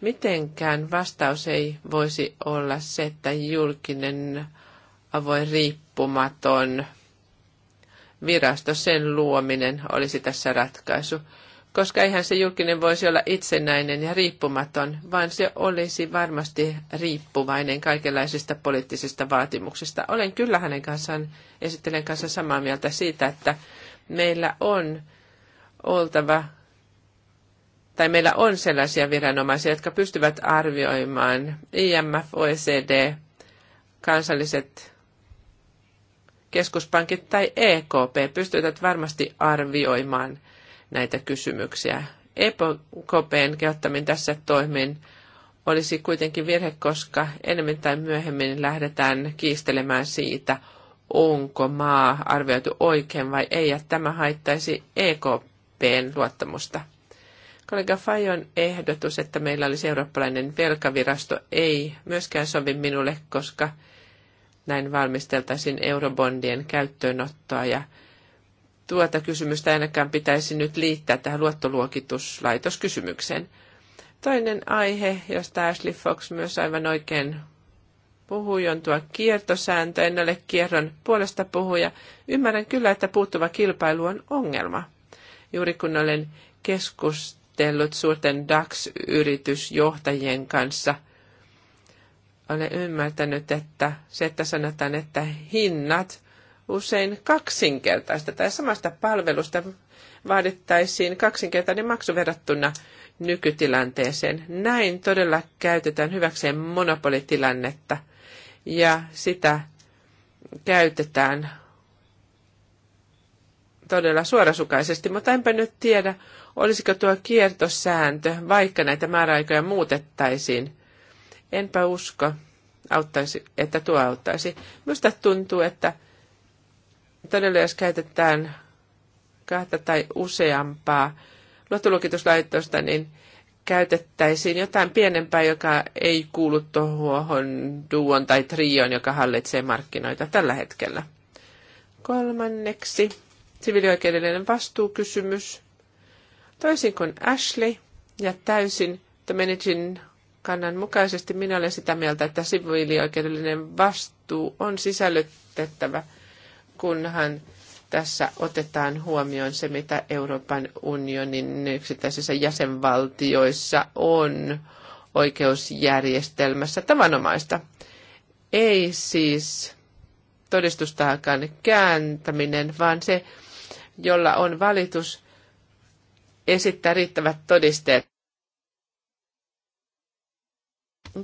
Mitenkään vastaus ei voisi olla se, että julkinen avoin riippumaton virasto, sen luominen olisi tässä ratkaisu, koska eihän se julkinen voisi olla itsenäinen ja riippumaton, vaan se olisi varmasti riippuvainen kaikenlaisista poliittisista vaatimuksista. Olen kyllä hänen kanssaan, esittelen kanssa samaa mieltä siitä, että meillä on oltava, tai meillä on sellaisia viranomaisia, jotka pystyvät arvioimaan IMF, OECD, kansalliset keskuspankit tai EKP pystyvät varmasti arvioimaan näitä kysymyksiä. EKPn kehottamin tässä toimin olisi kuitenkin virhe, koska enemmän tai myöhemmin lähdetään kiistelemään siitä, onko maa arvioitu oikein vai ei, ja tämä haittaisi EKP EKPn luottamusta. Kollega Fajon ehdotus, että meillä olisi eurooppalainen velkavirasto, ei myöskään sovi minulle, koska näin valmisteltaisiin eurobondien käyttöönottoa ja tuota kysymystä ainakaan pitäisi nyt liittää tähän luottoluokituslaitoskysymykseen. Toinen aihe, josta Ashley Fox myös aivan oikein puhui, on tuo kiertosääntö. En ole kierron puolesta puhuja. Ymmärrän kyllä, että puuttuva kilpailu on ongelma. Juuri kun olen keskustellut suurten DAX-yritysjohtajien kanssa, olen ymmärtänyt, että se, että sanotaan, että hinnat usein kaksinkertaista tai samasta palvelusta vaadittaisiin kaksinkertainen maksu verrattuna nykytilanteeseen. Näin todella käytetään hyväkseen monopolitilannetta ja sitä käytetään todella suorasukaisesti, mutta enpä nyt tiedä, olisiko tuo kiertosääntö, vaikka näitä määräaikoja muutettaisiin. Enpä usko, auttaisi, että tuo auttaisi. Minusta tuntuu, että todella jos käytetään kahta tai useampaa luottoluokituslaitosta, niin käytettäisiin jotain pienempää, joka ei kuulu tuohon duon tai trion, joka hallitsee markkinoita tällä hetkellä. Kolmanneksi siviilioikeudellinen vastuukysymys. Toisin kuin Ashley ja täysin The Managing kannan mukaisesti minä olen sitä mieltä, että siviilioikeudellinen vastuu on sisällytettävä, kunhan tässä otetaan huomioon se, mitä Euroopan unionin yksittäisissä jäsenvaltioissa on oikeusjärjestelmässä tavanomaista. Ei siis todistustaakan kääntäminen, vaan se, jolla on valitus, esittää riittävät todisteet.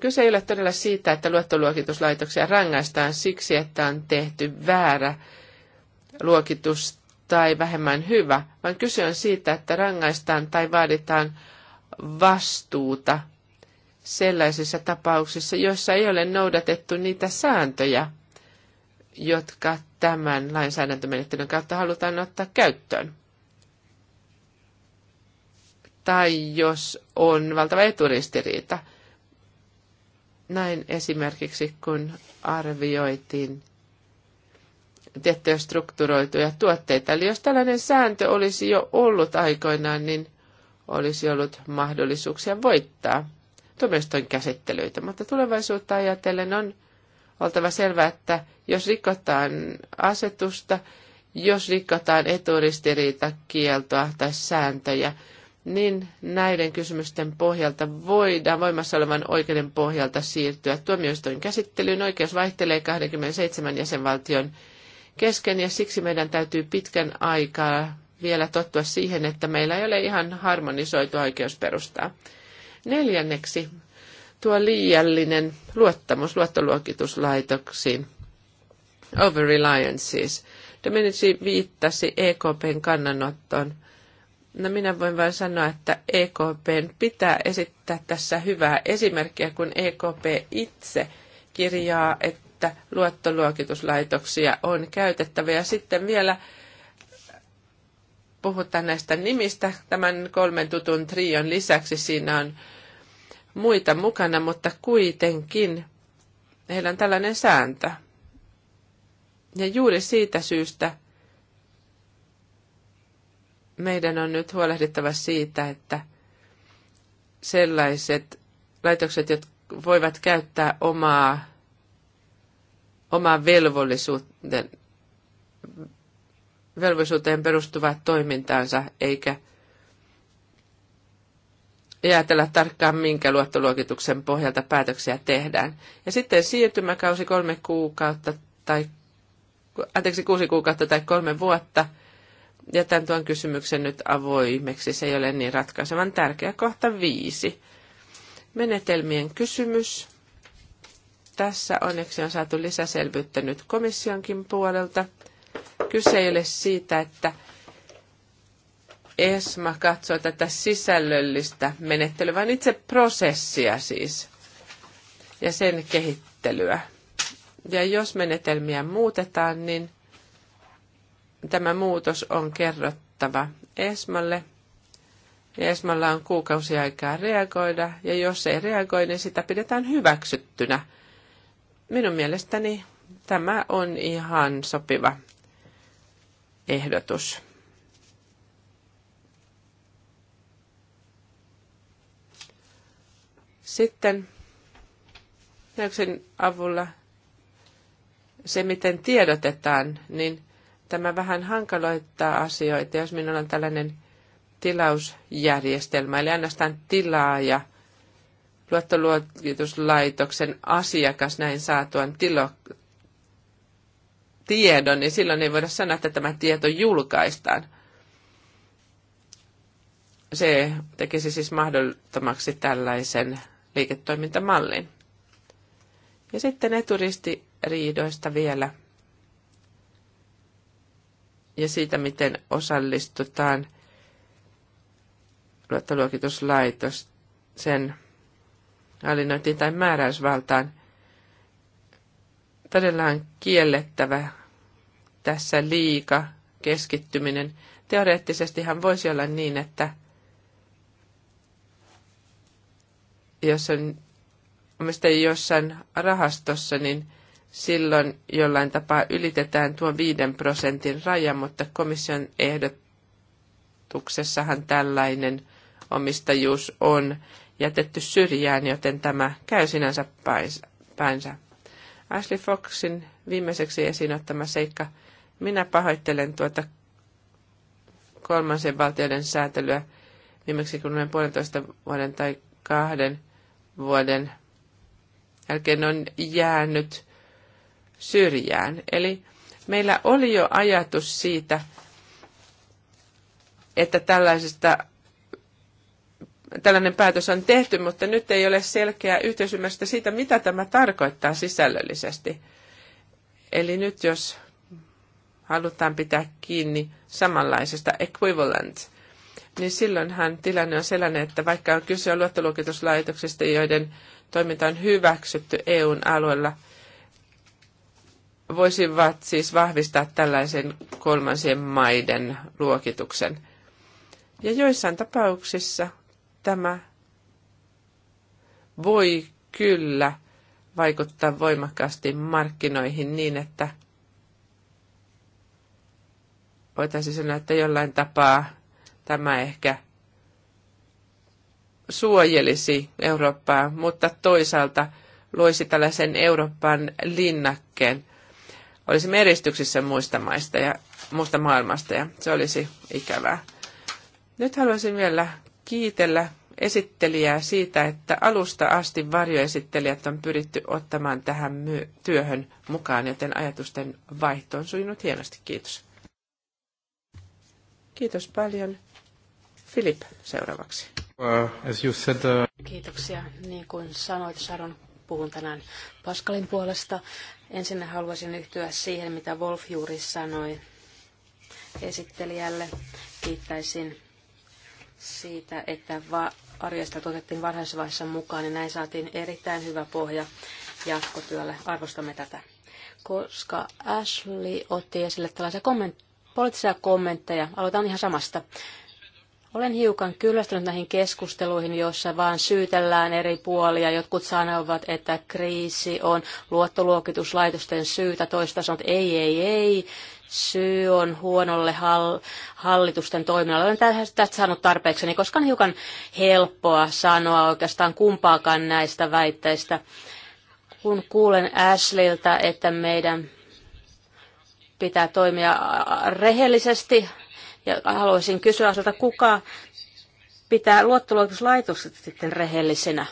Kyse ei ole todella siitä, että luottoluokituslaitoksia rangaistaan siksi, että on tehty väärä luokitus tai vähemmän hyvä, vaan kyse on siitä, että rangaistaan tai vaaditaan vastuuta sellaisissa tapauksissa, joissa ei ole noudatettu niitä sääntöjä, jotka tämän lainsäädäntömenettelyn kautta halutaan ottaa käyttöön. Tai jos on valtava eturistiriita. Näin esimerkiksi kun arvioitiin tiettyjä strukturoituja tuotteita. Eli jos tällainen sääntö olisi jo ollut aikoinaan, niin olisi ollut mahdollisuuksia voittaa tuomioistuin käsittelyitä, mutta tulevaisuutta ajatellen on oltava selvää, että jos rikotaan asetusta, jos rikotaan kieltoa tai sääntöjä, niin näiden kysymysten pohjalta voidaan voimassa olevan oikeuden pohjalta siirtyä tuomioistuin käsittelyyn. Oikeus vaihtelee 27 jäsenvaltion kesken ja siksi meidän täytyy pitkän aikaa vielä tottua siihen, että meillä ei ole ihan harmonisoitu oikeusperustaa. Neljänneksi tuo liiallinen luottamus luottoluokituslaitoksiin, over reliances. siis. Domenici viittasi EKPn kannanottoon. No minä voin vain sanoa, että EKPn pitää esittää tässä hyvää esimerkkiä, kun EKP itse kirjaa, että luottoluokituslaitoksia on käytettävä. Ja sitten vielä puhutaan näistä nimistä. Tämän kolmen tutun trion lisäksi siinä on muita mukana, mutta kuitenkin heillä on tällainen sääntö. Ja juuri siitä syystä meidän on nyt huolehdittava siitä, että sellaiset laitokset, jotka voivat käyttää omaa, omaa velvollisuuteen, velvollisuuteen perustuvaa toimintaansa, eikä – ja ajatella tarkkaan, minkä luottoluokituksen pohjalta päätöksiä tehdään. Ja sitten siirtymäkausi kolme kuukautta tai, anteeksi, kuusi kuukautta tai kolme vuotta. Jätän tuon kysymyksen nyt avoimeksi, se ei ole niin ratkaisevan tärkeä. Kohta viisi. Menetelmien kysymys. Tässä onneksi on saatu lisäselvyyttä nyt komissionkin puolelta. Kyse ei ole siitä, että ESMA katsoo tätä sisällöllistä menettelyä, vaan itse prosessia siis ja sen kehittelyä. Ja jos menetelmiä muutetaan, niin tämä muutos on kerrottava ESMAlle. Ja ESMAlla on kuukausi aikaa reagoida, ja jos ei reagoi, niin sitä pidetään hyväksyttynä. Minun mielestäni tämä on ihan sopiva ehdotus. Sitten näyksen avulla se, miten tiedotetaan, niin tämä vähän hankaloittaa asioita, jos minulla on tällainen tilausjärjestelmä, eli ainoastaan ja luottoluokituslaitoksen asiakas näin saatuan tilo, tiedon, niin silloin ei voida sanoa, että tämä tieto julkaistaan. Se tekisi siis mahdottomaksi tällaisen liiketoimintamallin. Ja sitten eturistiriidoista vielä ja siitä, miten osallistutaan luottoluokituslaitos sen hallinnointiin tai määräysvaltaan. Todella on kiellettävä tässä liika keskittyminen. Teoreettisestihan voisi olla niin, että jos on omistaja jossain rahastossa, niin silloin jollain tapaa ylitetään tuo 5 prosentin raja, mutta komission ehdotuksessahan tällainen omistajuus on jätetty syrjään, joten tämä käy sinänsä päänsä. Ashley Foxin viimeiseksi esiin ottama seikka. Minä pahoittelen tuota kolmansien valtioiden säätelyä viimeksi kun olen puolentoista vuoden tai kahden – vuoden jälkeen on jäänyt syrjään. Eli meillä oli jo ajatus siitä, että tällaisesta, tällainen päätös on tehty, mutta nyt ei ole selkeää yhteisymmärrystä siitä, mitä tämä tarkoittaa sisällöllisesti. Eli nyt jos halutaan pitää kiinni samanlaisesta equivalent niin silloinhan tilanne on sellainen, että vaikka on kyse luottoluokituslaitoksista, joiden toiminta on hyväksytty EUn alueella, voisivat siis vahvistaa tällaisen kolmansien maiden luokituksen. Ja joissain tapauksissa tämä voi kyllä vaikuttaa voimakkaasti markkinoihin niin, että voitaisiin sanoa, että jollain tapaa tämä ehkä suojelisi Eurooppaa, mutta toisaalta loisi tällaisen Euroopan linnakkeen. olisi eristyksissä muista maista ja muusta maailmasta ja se olisi ikävää. Nyt haluaisin vielä kiitellä esittelijää siitä, että alusta asti varjoesittelijät on pyritty ottamaan tähän my- työhön mukaan, joten ajatusten vaihto on sujunut hienosti. Kiitos. Kiitos paljon. Filip seuraavaksi. Uh, as you said, uh... Kiitoksia. Niin kuin sanoit, Sharon, puhun tänään Paskalin puolesta. Ensin haluaisin yhtyä siihen, mitä Wolf juuri sanoi esittelijälle. Kiittäisin siitä, että va- arjesta otettiin vaiheessa mukaan, niin näin saatiin erittäin hyvä pohja jatkotyölle. Arvostamme tätä. Koska Ashley otti esille tällaisia komment- poliittisia kommentteja, aloitan ihan samasta. Olen hiukan kyllästynyt näihin keskusteluihin, joissa vaan syytellään eri puolia. Jotkut sanovat, että kriisi on luottoluokituslaitosten syytä, toista sanovat, että ei, ei, ei. Syy on huonolle hallitusten toiminnalle. Olen tästä saanut tarpeekseni, koska on hiukan helppoa sanoa oikeastaan kumpaakaan näistä väitteistä. Kun kuulen Ashleyltä, että meidän pitää toimia rehellisesti, ja haluaisin kysyä asilta, kuka pitää luottoluokituslaitokset sitten rehellisenä?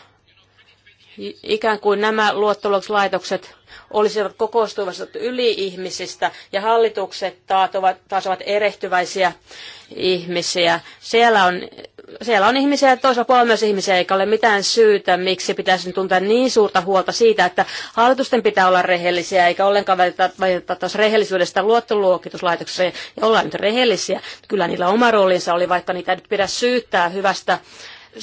Ikään kuin nämä luottoluokituslaitokset olisivat kokoistuvasti yli-ihmisistä ja hallitukset taas ovat, taas ovat erehtyväisiä ihmisiä. Siellä on siellä on ihmisiä ja toisella puolella myös ihmisiä, eikä ole mitään syytä, miksi pitäisi nyt tuntea niin suurta huolta siitä, että hallitusten pitää olla rehellisiä, eikä ollenkaan välitä taas rehellisyydestä luottoluokituslaitoksessa, ja ollaan nyt rehellisiä. Kyllä niillä oma roolinsa oli, vaikka niitä ei nyt pidä syyttää hyvästä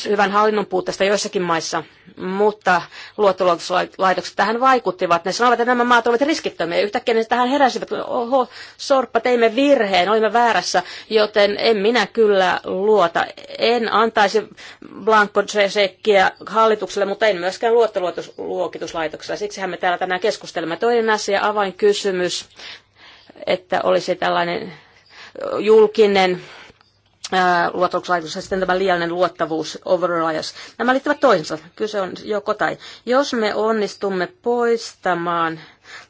hyvän hallinnon puutteesta joissakin maissa, mutta luottoluokituslaitokset tähän vaikuttivat. Ne sanoivat, että nämä maat olivat riskittömiä. Yhtäkkiä ne tähän heräsivät, oho, sorppa, teimme virheen, olimme väärässä, joten en minä kyllä luota. En antaisi blanko sekkiä hallitukselle, mutta en myöskään luottoluokituslaitokselle. Siksihän me täällä tänään keskustelemme. Toinen asia, avainkysymys, että olisi tällainen julkinen luottokselaitos ja sitten tämä liiallinen luottavuus, overreliance. Nämä liittyvät toisensa. Kyse on joko tai. Jos me onnistumme poistamaan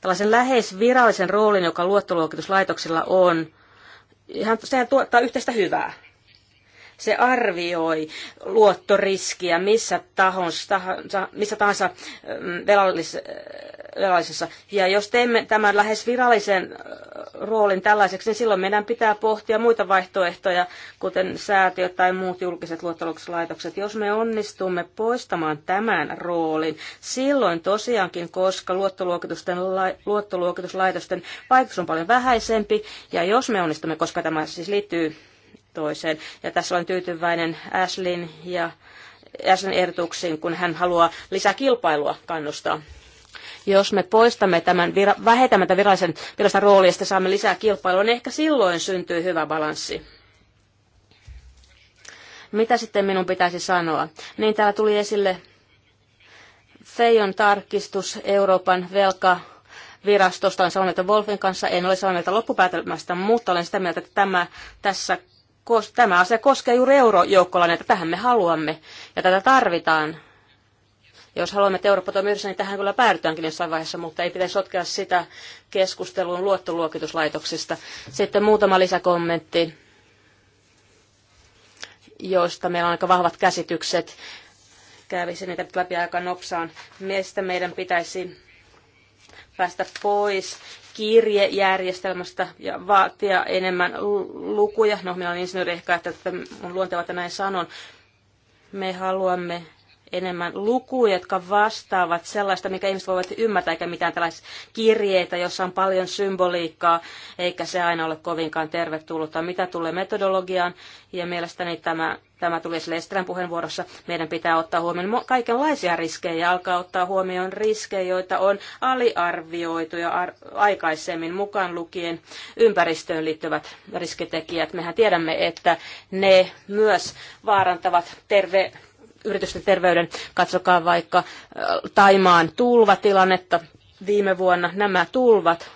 tällaisen läheisvirallisen roolin, joka luottoluokituslaitoksilla on, sehän tuottaa yhteistä hyvää. Se arvioi luottoriskiä missä, tahansa, missä tahansa mm, velallis, virallisessa. Ja jos teemme tämän lähes virallisen roolin tällaiseksi, niin silloin meidän pitää pohtia muita vaihtoehtoja, kuten säätiöt tai muut julkiset luottoluokituslaitokset. Jos me onnistumme poistamaan tämän roolin, silloin tosiaankin, koska luottoluokitusten, luottoluokituslaitosten vaikutus on paljon vähäisempi, ja jos me onnistumme, koska tämä siis liittyy toiseen, ja tässä olen tyytyväinen Ashlin ja Jäsenehdotuksiin, kun hän haluaa lisää kilpailua kannustaa. Jos me poistamme tämän, vira- vähetämme tämän virallisen, viraston roolia, ja saamme lisää kilpailua, niin ehkä silloin syntyy hyvä balanssi. Mitä sitten minun pitäisi sanoa? Niin täällä tuli esille Feijon tarkistus Euroopan velka virastosta olen sanonut, mieltä Wolfin kanssa, en ole sanonut loppupäätelmästä, mutta olen sitä mieltä, että tämä, tässä, tämä asia koskee juuri eurojoukkolainen, niin että tähän me haluamme ja tätä tarvitaan. Jos haluamme, että Eurooppa toimii yhdessä, niin tähän kyllä päädytäänkin jossain vaiheessa, mutta ei pitäisi sotkea sitä keskusteluun luottoluokituslaitoksista. Sitten muutama lisäkommentti, joista meillä on aika vahvat käsitykset. Kävisin niitä läpi aika nopsaan. Meistä meidän pitäisi päästä pois kirjejärjestelmästä ja vaatia enemmän lukuja. No, minä olen insinööri ehkä, että on luontevaa, että näin sanon. Me haluamme enemmän lukuja, jotka vastaavat sellaista, mikä ihmiset voivat ymmärtää, eikä mitään tällaisia kirjeitä, jossa on paljon symboliikkaa, eikä se aina ole kovinkaan tervetullutta. Mitä tulee metodologiaan, ja mielestäni tämä, tämä tuli esille Estelän puheenvuorossa, meidän pitää ottaa huomioon kaikenlaisia riskejä ja alkaa ottaa huomioon riskejä, joita on aliarvioitu ja ar- aikaisemmin mukaan lukien ympäristöön liittyvät riskitekijät. Mehän tiedämme, että ne myös vaarantavat terve yritysten terveyden. Katsokaa vaikka äh, Taimaan tulvatilannetta viime vuonna. Nämä tulvat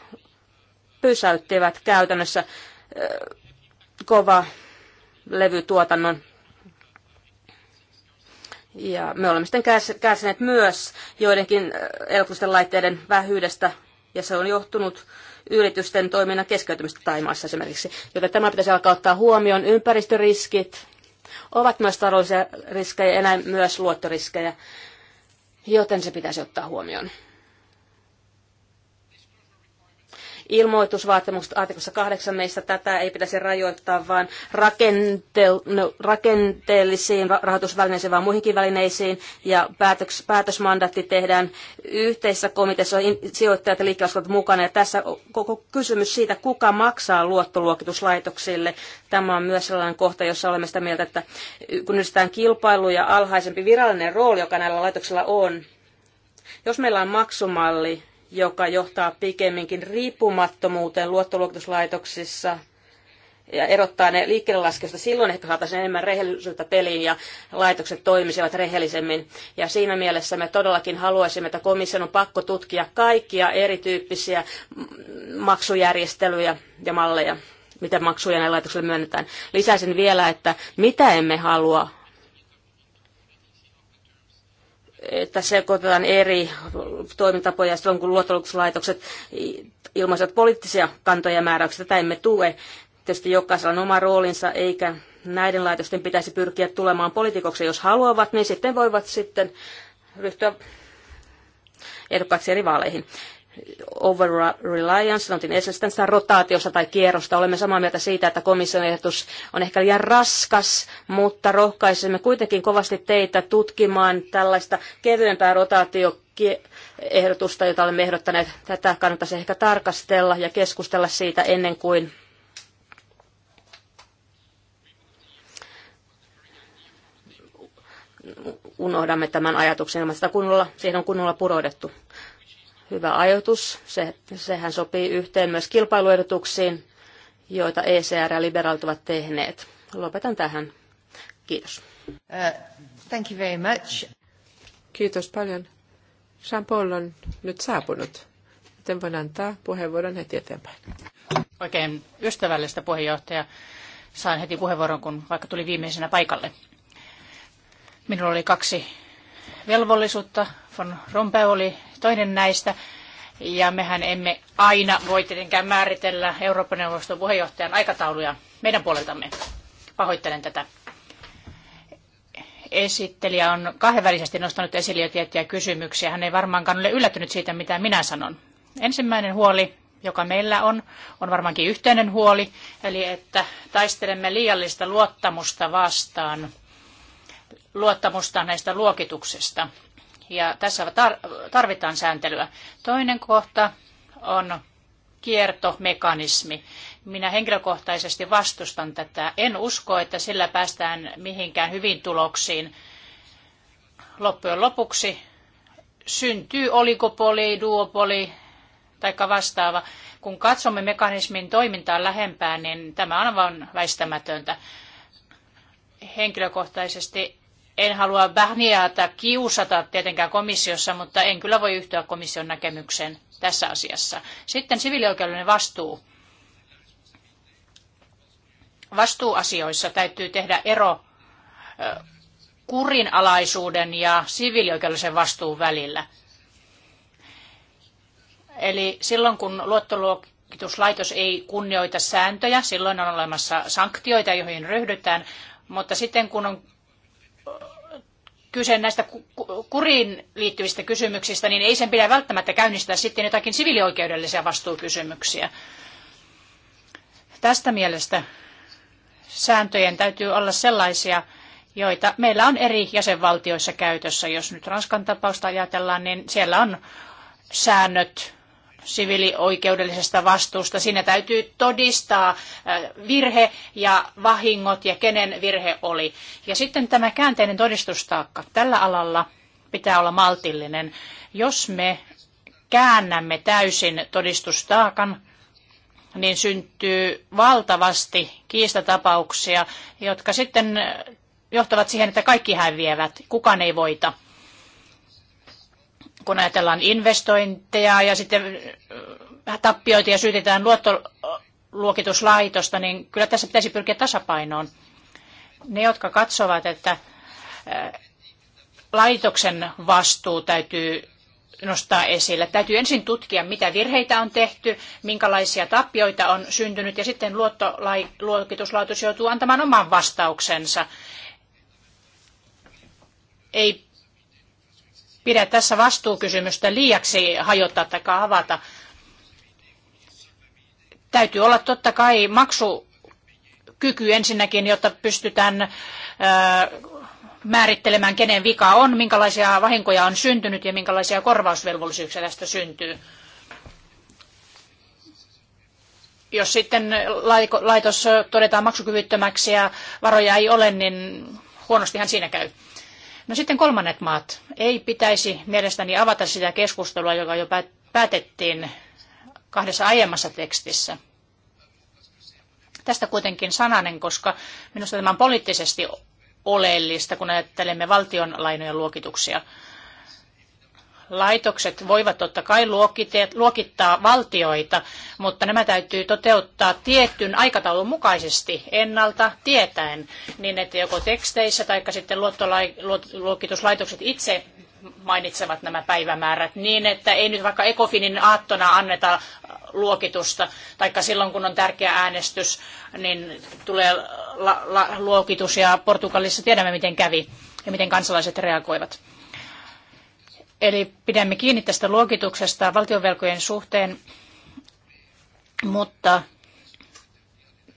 pysäyttivät käytännössä äh, kova levytuotannon. Ja me olemme sitten kärsineet myös joidenkin äh, elektristen laitteiden vähyydestä, ja se on johtunut yritysten toiminnan keskeytymistä Taimaassa esimerkiksi. Joten tämä pitäisi alkaa ottaa huomioon ympäristöriskit ovat myös taloudellisia riskejä ja näin myös luottoriskejä, joten se pitäisi ottaa huomioon. Ilmoitusvaatimukset artiklassa kahdeksan meistä tätä ei pitäisi rajoittaa, vaan no, rakenteellisiin rahoitusvälineisiin, vaan muihinkin välineisiin. Ja päätöks, päätösmandaatti tehdään yhteisessä komiteassa, sijoittajat ja liikkeelliset mukana. Ja tässä koko kysymys siitä, kuka maksaa luottoluokituslaitoksille. Tämä on myös sellainen kohta, jossa olemme sitä mieltä, että kun yhdistetään kilpailu ja alhaisempi virallinen rooli, joka näillä laitoksilla on, jos meillä on maksumalli, joka johtaa pikemminkin riippumattomuuteen luottoluokituslaitoksissa ja erottaa ne liikkeelle Silloin ehkä saataisiin enemmän rehellisyyttä peliin ja laitokset toimisivat rehellisemmin. Ja siinä mielessä me todellakin haluaisimme, että komission on pakko tutkia kaikkia erityyppisiä maksujärjestelyjä ja malleja miten maksuja näille laitoksille myönnetään. Lisäisin vielä, että mitä emme halua että sekoitetaan eri toimintapoja silloin, kun luottoluokituslaitokset ilmaisevat poliittisia kantoja ja määräyksiä. Tätä emme tue. Tietysti jokaisella on oma roolinsa, eikä näiden laitosten pitäisi pyrkiä tulemaan poliitikoksi, jos haluavat, niin sitten voivat sitten ryhtyä ehdokkaaksi eri vaaleihin over-reliance, sanotin esimerkiksi rotaatiosta tai kierrosta. Olemme samaa mieltä siitä, että komission ehdotus on ehkä liian raskas, mutta rohkaisemme kuitenkin kovasti teitä tutkimaan tällaista kevyempää rotaatio ehdotusta, jota olemme ehdottaneet. Tätä kannattaisi ehkä tarkastella ja keskustella siitä ennen kuin unohdamme tämän ajatuksen ilman sitä kunnolla, siihen on kunnolla puroidettu hyvä ajoitus. Se, sehän sopii yhteen myös kilpailuehdotuksiin, joita ECR ja liberaalit ovat tehneet. Lopetan tähän. Kiitos. Uh, thank you very much. Kiitos paljon. Jean-Paul on nyt saapunut, joten voin antaa puheenvuoron heti eteenpäin. Oikein ystävällistä puheenjohtaja. Saan heti puheenvuoron, kun vaikka tuli viimeisenä paikalle. Minulla oli kaksi velvollisuutta. Von Rompuy oli toinen näistä. Ja mehän emme aina voi tietenkään määritellä Euroopan neuvoston puheenjohtajan aikatauluja meidän puoleltamme. Pahoittelen tätä. Esittelijä on kahdenvälisesti nostanut esille jo tiettyjä kysymyksiä. Hän ei varmaankaan ole yllättynyt siitä, mitä minä sanon. Ensimmäinen huoli, joka meillä on, on varmaankin yhteinen huoli, eli että taistelemme liiallista luottamusta vastaan, luottamusta näistä luokituksista ja tässä tarvitaan sääntelyä. Toinen kohta on kiertomekanismi. Minä henkilökohtaisesti vastustan tätä. En usko, että sillä päästään mihinkään hyvin tuloksiin. Loppujen lopuksi syntyy oligopoli, duopoli tai vastaava. Kun katsomme mekanismin toimintaa lähempään, niin tämä on vain väistämätöntä. Henkilökohtaisesti en halua Bahniaa tai kiusata tietenkään komissiossa, mutta en kyllä voi yhtyä komission näkemykseen tässä asiassa. Sitten siviilioikeudellinen vastuu. Vastuuasioissa täytyy tehdä ero kurinalaisuuden ja siviilioikeudellisen vastuun välillä. Eli silloin kun luottoluokituslaitos ei kunnioita sääntöjä, silloin on olemassa sanktioita, joihin ryhdytään, mutta sitten kun on kyse näistä kuriin liittyvistä kysymyksistä, niin ei sen pidä välttämättä käynnistää sitten jotakin sivilioikeudellisia vastuukysymyksiä. Tästä mielestä sääntöjen täytyy olla sellaisia, joita meillä on eri jäsenvaltioissa käytössä. Jos nyt Ranskan tapausta ajatellaan, niin siellä on säännöt siviilioikeudellisesta vastuusta. Siinä täytyy todistaa äh, virhe ja vahingot ja kenen virhe oli. Ja sitten tämä käänteinen todistustaakka. Tällä alalla pitää olla maltillinen. Jos me käännämme täysin todistustaakan, niin syntyy valtavasti kiistatapauksia, jotka sitten johtavat siihen, että kaikki häviävät, kukaan ei voita kun ajatellaan investointeja ja sitten äh, tappioita ja syytetään luottoluokituslaitosta, niin kyllä tässä pitäisi pyrkiä tasapainoon. Ne, jotka katsovat, että äh, laitoksen vastuu täytyy nostaa esille. Täytyy ensin tutkia, mitä virheitä on tehty, minkälaisia tappioita on syntynyt ja sitten luottoluokituslaitos joutuu antamaan oman vastauksensa. Ei pidä tässä vastuukysymystä liiaksi hajottaa tai avata. Täytyy olla totta kai maksukyky ensinnäkin, jotta pystytään määrittelemään, kenen vika on, minkälaisia vahinkoja on syntynyt ja minkälaisia korvausvelvollisuuksia tästä syntyy. Jos sitten laitos todetaan maksukyvyttömäksi ja varoja ei ole, niin huonostihan siinä käy. No sitten kolmannet maat. Ei pitäisi mielestäni avata sitä keskustelua, joka jo päätettiin kahdessa aiemmassa tekstissä. Tästä kuitenkin sananen, koska minusta tämä on poliittisesti oleellista, kun ajattelemme valtion luokituksia laitokset voivat totta kai luokittaa valtioita, mutta nämä täytyy toteuttaa tietyn aikataulun mukaisesti ennalta tietäen, niin että joko teksteissä tai sitten luokituslaitokset itse mainitsevat nämä päivämäärät niin, että ei nyt vaikka Ekofinin aattona anneta luokitusta, taikka silloin kun on tärkeä äänestys, niin tulee la- la- luokitus ja Portugalissa tiedämme miten kävi ja miten kansalaiset reagoivat. Eli pidämme kiinni tästä luokituksesta valtionvelkojen suhteen, mutta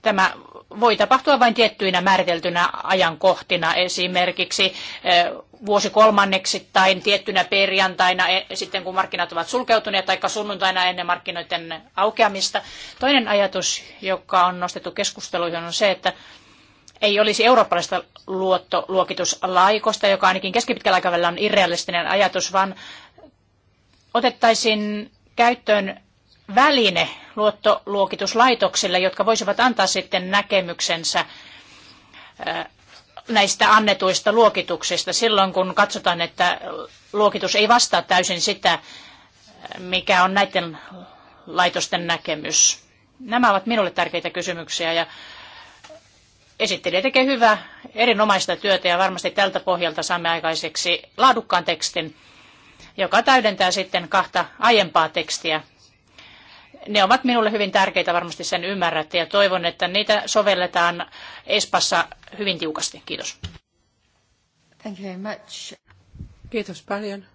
tämä voi tapahtua vain tiettyinä määriteltynä ajankohtina, esimerkiksi eh, vuosi kolmanneksittain tiettynä perjantaina, e, sitten kun markkinat ovat sulkeutuneet, tai sunnuntaina ennen markkinoiden aukeamista. Toinen ajatus, joka on nostettu keskusteluihin, on se, että ei olisi eurooppalaista luottoluokituslaikosta, joka ainakin keskipitkällä aikavälillä on irrealistinen ajatus, vaan otettaisiin käyttöön väline luottoluokituslaitoksille, jotka voisivat antaa sitten näkemyksensä näistä annetuista luokituksista silloin, kun katsotaan, että luokitus ei vastaa täysin sitä, mikä on näiden laitosten näkemys. Nämä ovat minulle tärkeitä kysymyksiä ja Esittelijä tekee hyvää, erinomaista työtä ja varmasti tältä pohjalta saamme aikaiseksi laadukkaan tekstin, joka täydentää sitten kahta aiempaa tekstiä. Ne ovat minulle hyvin tärkeitä, varmasti sen ymmärrätte, ja toivon, että niitä sovelletaan Espassa hyvin tiukasti. Kiitos. Thank you very much. Kiitos paljon.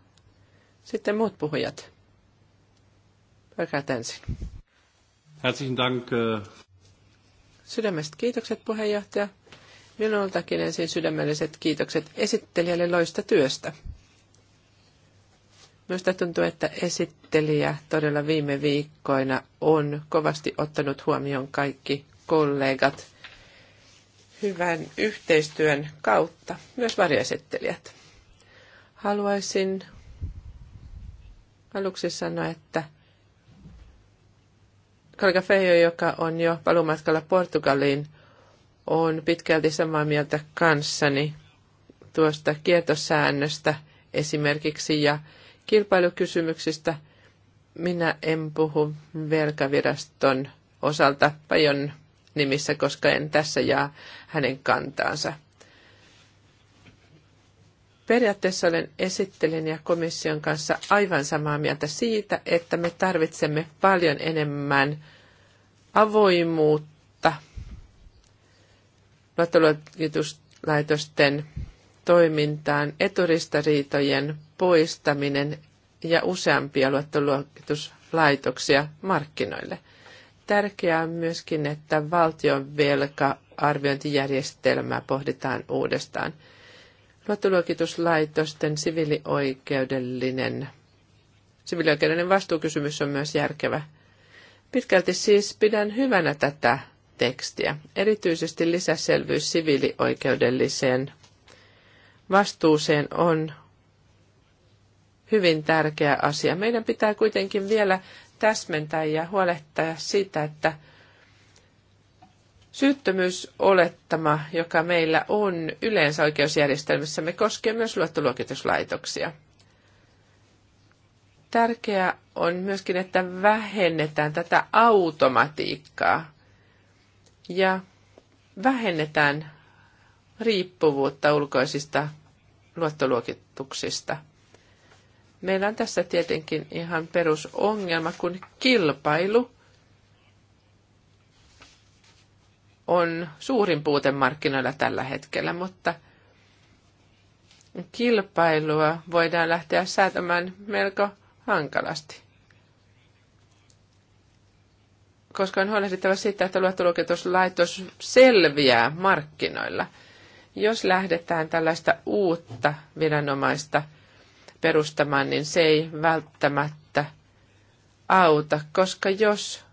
Sitten muut puhujat. Pökät ensin. Herzlichen Dank. Äh, Sydämestä kiitokset puheenjohtaja. Minultakin ensin sydämelliset kiitokset esittelijälle loista työstä. Minusta tuntuu, että esittelijä todella viime viikkoina on kovasti ottanut huomioon kaikki kollegat hyvän yhteistyön kautta, myös varjoesittelijät. Haluaisin aluksi sanoa, että Kollega Feijo, joka on jo palumatkalla Portugaliin, on pitkälti samaa mieltä kanssani tuosta kietosäännöstä esimerkiksi ja kilpailukysymyksistä. Minä en puhu velkaviraston osalta Pajon nimissä, koska en tässä jaa hänen kantaansa. Periaatteessa olen esittelin ja komission kanssa aivan samaa mieltä siitä, että me tarvitsemme paljon enemmän avoimuutta luottoluokituslaitosten toimintaan, eturistariitojen poistaminen ja useampia luottoluokituslaitoksia markkinoille. Tärkeää on myöskin, että valtion velka-arviointijärjestelmää pohditaan uudestaan – Luottoluokituslaitosten siviilioikeudellinen, siviilioikeudellinen vastuukysymys on myös järkevä. Pitkälti siis pidän hyvänä tätä tekstiä, erityisesti lisäselvyys siviilioikeudelliseen vastuuseen on hyvin tärkeä asia. Meidän pitää kuitenkin vielä täsmentää ja huolehtia siitä, että Syyttömyysolettama, joka meillä on yleensä oikeusjärjestelmässämme, koskee myös luottoluokituslaitoksia. Tärkeää on myöskin, että vähennetään tätä automatiikkaa ja vähennetään riippuvuutta ulkoisista luottoluokituksista. Meillä on tässä tietenkin ihan perusongelma, kun kilpailu on suurin puute markkinoilla tällä hetkellä, mutta kilpailua voidaan lähteä säätämään melko hankalasti. Koska on huolehdittava siitä, että luottoluokituslaitos selviää markkinoilla. Jos lähdetään tällaista uutta viranomaista perustamaan, niin se ei välttämättä auta, koska jos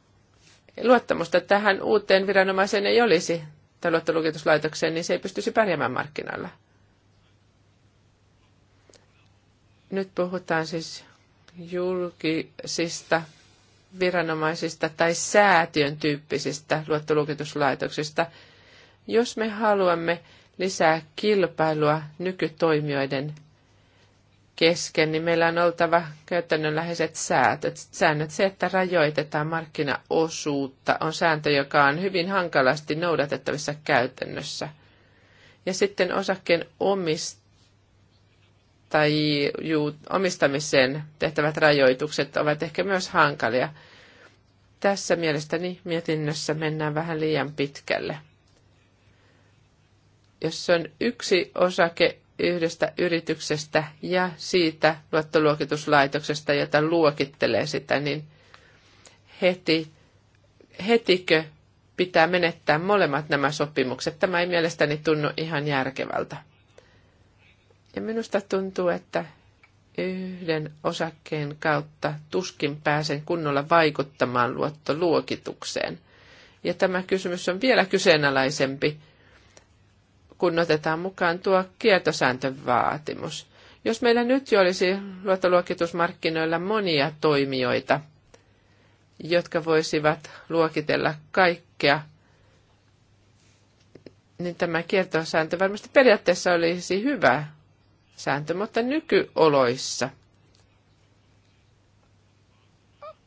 luottamusta tähän uuteen viranomaiseen ei olisi, tai luottoluokituslaitokseen, niin se ei pystyisi pärjäämään markkinoilla. Nyt puhutaan siis julkisista viranomaisista tai säätiön tyyppisistä luottoluokituslaitoksista. Jos me haluamme lisää kilpailua nykytoimijoiden kesken, niin meillä on oltava käytännönläheiset säätöt. säännöt. Se, että rajoitetaan markkinaosuutta, on sääntö, joka on hyvin hankalasti noudatettavissa käytännössä. Ja sitten osakkeen omistamiseen tehtävät rajoitukset ovat ehkä myös hankalia. Tässä mielestäni mietinnössä mennään vähän liian pitkälle. Jos on yksi osake yhdestä yrityksestä ja siitä luottoluokituslaitoksesta, jota luokittelee sitä, niin heti, hetikö pitää menettää molemmat nämä sopimukset? Tämä ei mielestäni tunnu ihan järkevältä. Ja minusta tuntuu, että yhden osakkeen kautta tuskin pääsen kunnolla vaikuttamaan luottoluokitukseen. Ja tämä kysymys on vielä kyseenalaisempi kun otetaan mukaan tuo kiertosääntövaatimus. Jos meillä nyt jo olisi luottoluokitusmarkkinoilla monia toimijoita, jotka voisivat luokitella kaikkea, niin tämä kiertosääntö varmasti periaatteessa olisi hyvä sääntö, mutta nykyoloissa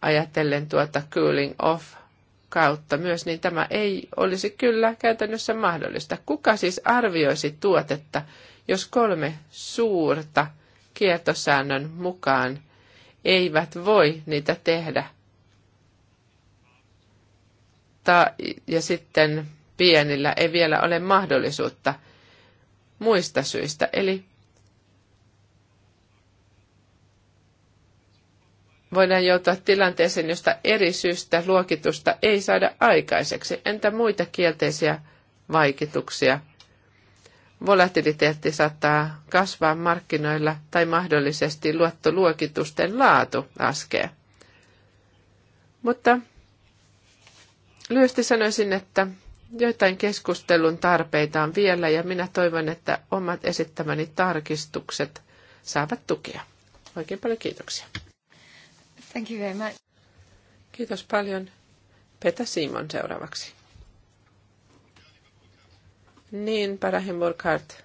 ajatellen tuota cooling off kautta myös, niin tämä ei olisi kyllä käytännössä mahdollista. Kuka siis arvioisi tuotetta, jos kolme suurta kiertosäännön mukaan eivät voi niitä tehdä? Ta- ja sitten pienillä ei vielä ole mahdollisuutta muista syistä. Eli voidaan joutua tilanteeseen, josta eri syystä luokitusta ei saada aikaiseksi. Entä muita kielteisiä vaikutuksia? Volatiliteetti saattaa kasvaa markkinoilla tai mahdollisesti luottoluokitusten laatu laskee. Mutta lyhyesti sanoisin, että joitain keskustelun tarpeita on vielä ja minä toivon, että omat esittämäni tarkistukset saavat tukea. Oikein paljon kiitoksia. Thank you very much. Kiitos paljon. Petä Simon seuraavaksi. Niin, Parahin Burkhardt.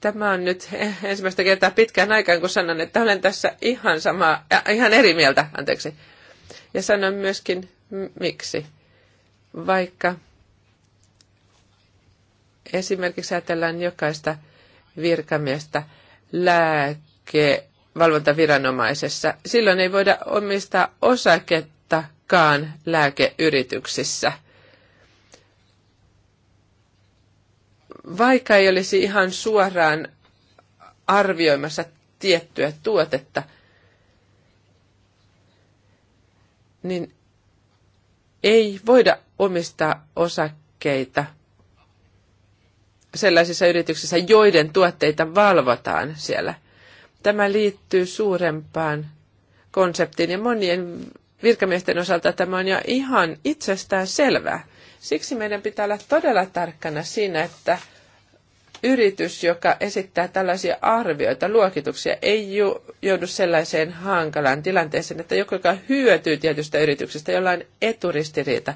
Tämä on nyt ensimmäistä kertaa pitkään aikaan, kun sanon, että olen tässä ihan, sama, äh, ihan eri mieltä, anteeksi. Ja sanon myöskin miksi. Vaikka esimerkiksi ajatellaan jokaista virkamiestä, lääkevalvontaviranomaisessa. Silloin ei voida omistaa osakettakaan lääkeyrityksissä. Vaikka ei olisi ihan suoraan arvioimassa tiettyä tuotetta, niin ei voida omistaa osakkeita – sellaisissa yrityksissä, joiden tuotteita valvotaan siellä. Tämä liittyy suurempaan konseptiin ja monien virkamiesten osalta tämä on jo ihan itsestään selvää. Siksi meidän pitää olla todella tarkkana siinä, että yritys, joka esittää tällaisia arvioita, luokituksia, ei joudu sellaiseen hankalaan tilanteeseen, että joku, joka hyötyy tietystä yrityksestä, jolla on eturistiriita.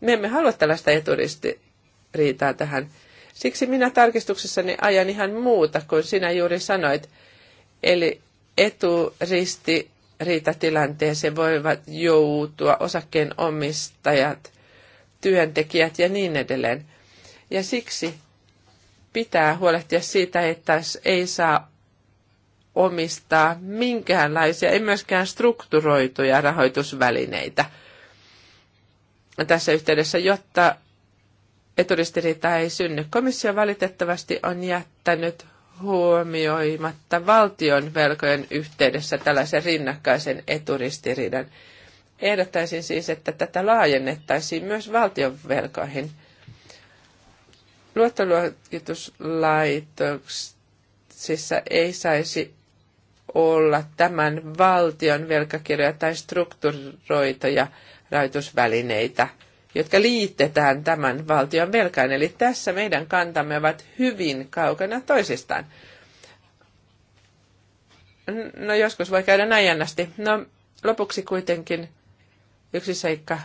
Me emme halua tällaista eturistiriitaa tähän Siksi minä tarkistuksessani ajan ihan muuta kuin sinä juuri sanoit. Eli eturisti riitatilanteeseen voivat joutua osakkeen omistajat, työntekijät ja niin edelleen. Ja siksi pitää huolehtia siitä, että ei saa omistaa minkäänlaisia, ei myöskään strukturoituja rahoitusvälineitä tässä yhteydessä, jotta eturistiriitaa ei synny. Komissio valitettavasti on jättänyt huomioimatta valtion velkojen yhteydessä tällaisen rinnakkaisen eturistiriidan. Ehdottaisin siis, että tätä laajennettaisiin myös valtion velkoihin. Luottoluokituslaitoksissa ei saisi olla tämän valtion velkakirjoja tai strukturoituja rahoitusvälineitä – jotka liitetään tämän valtion velkaan. Eli tässä meidän kantamme ovat hyvin kaukana toisistaan. No joskus voi käydä näin jännästi. No lopuksi kuitenkin yksi seikka,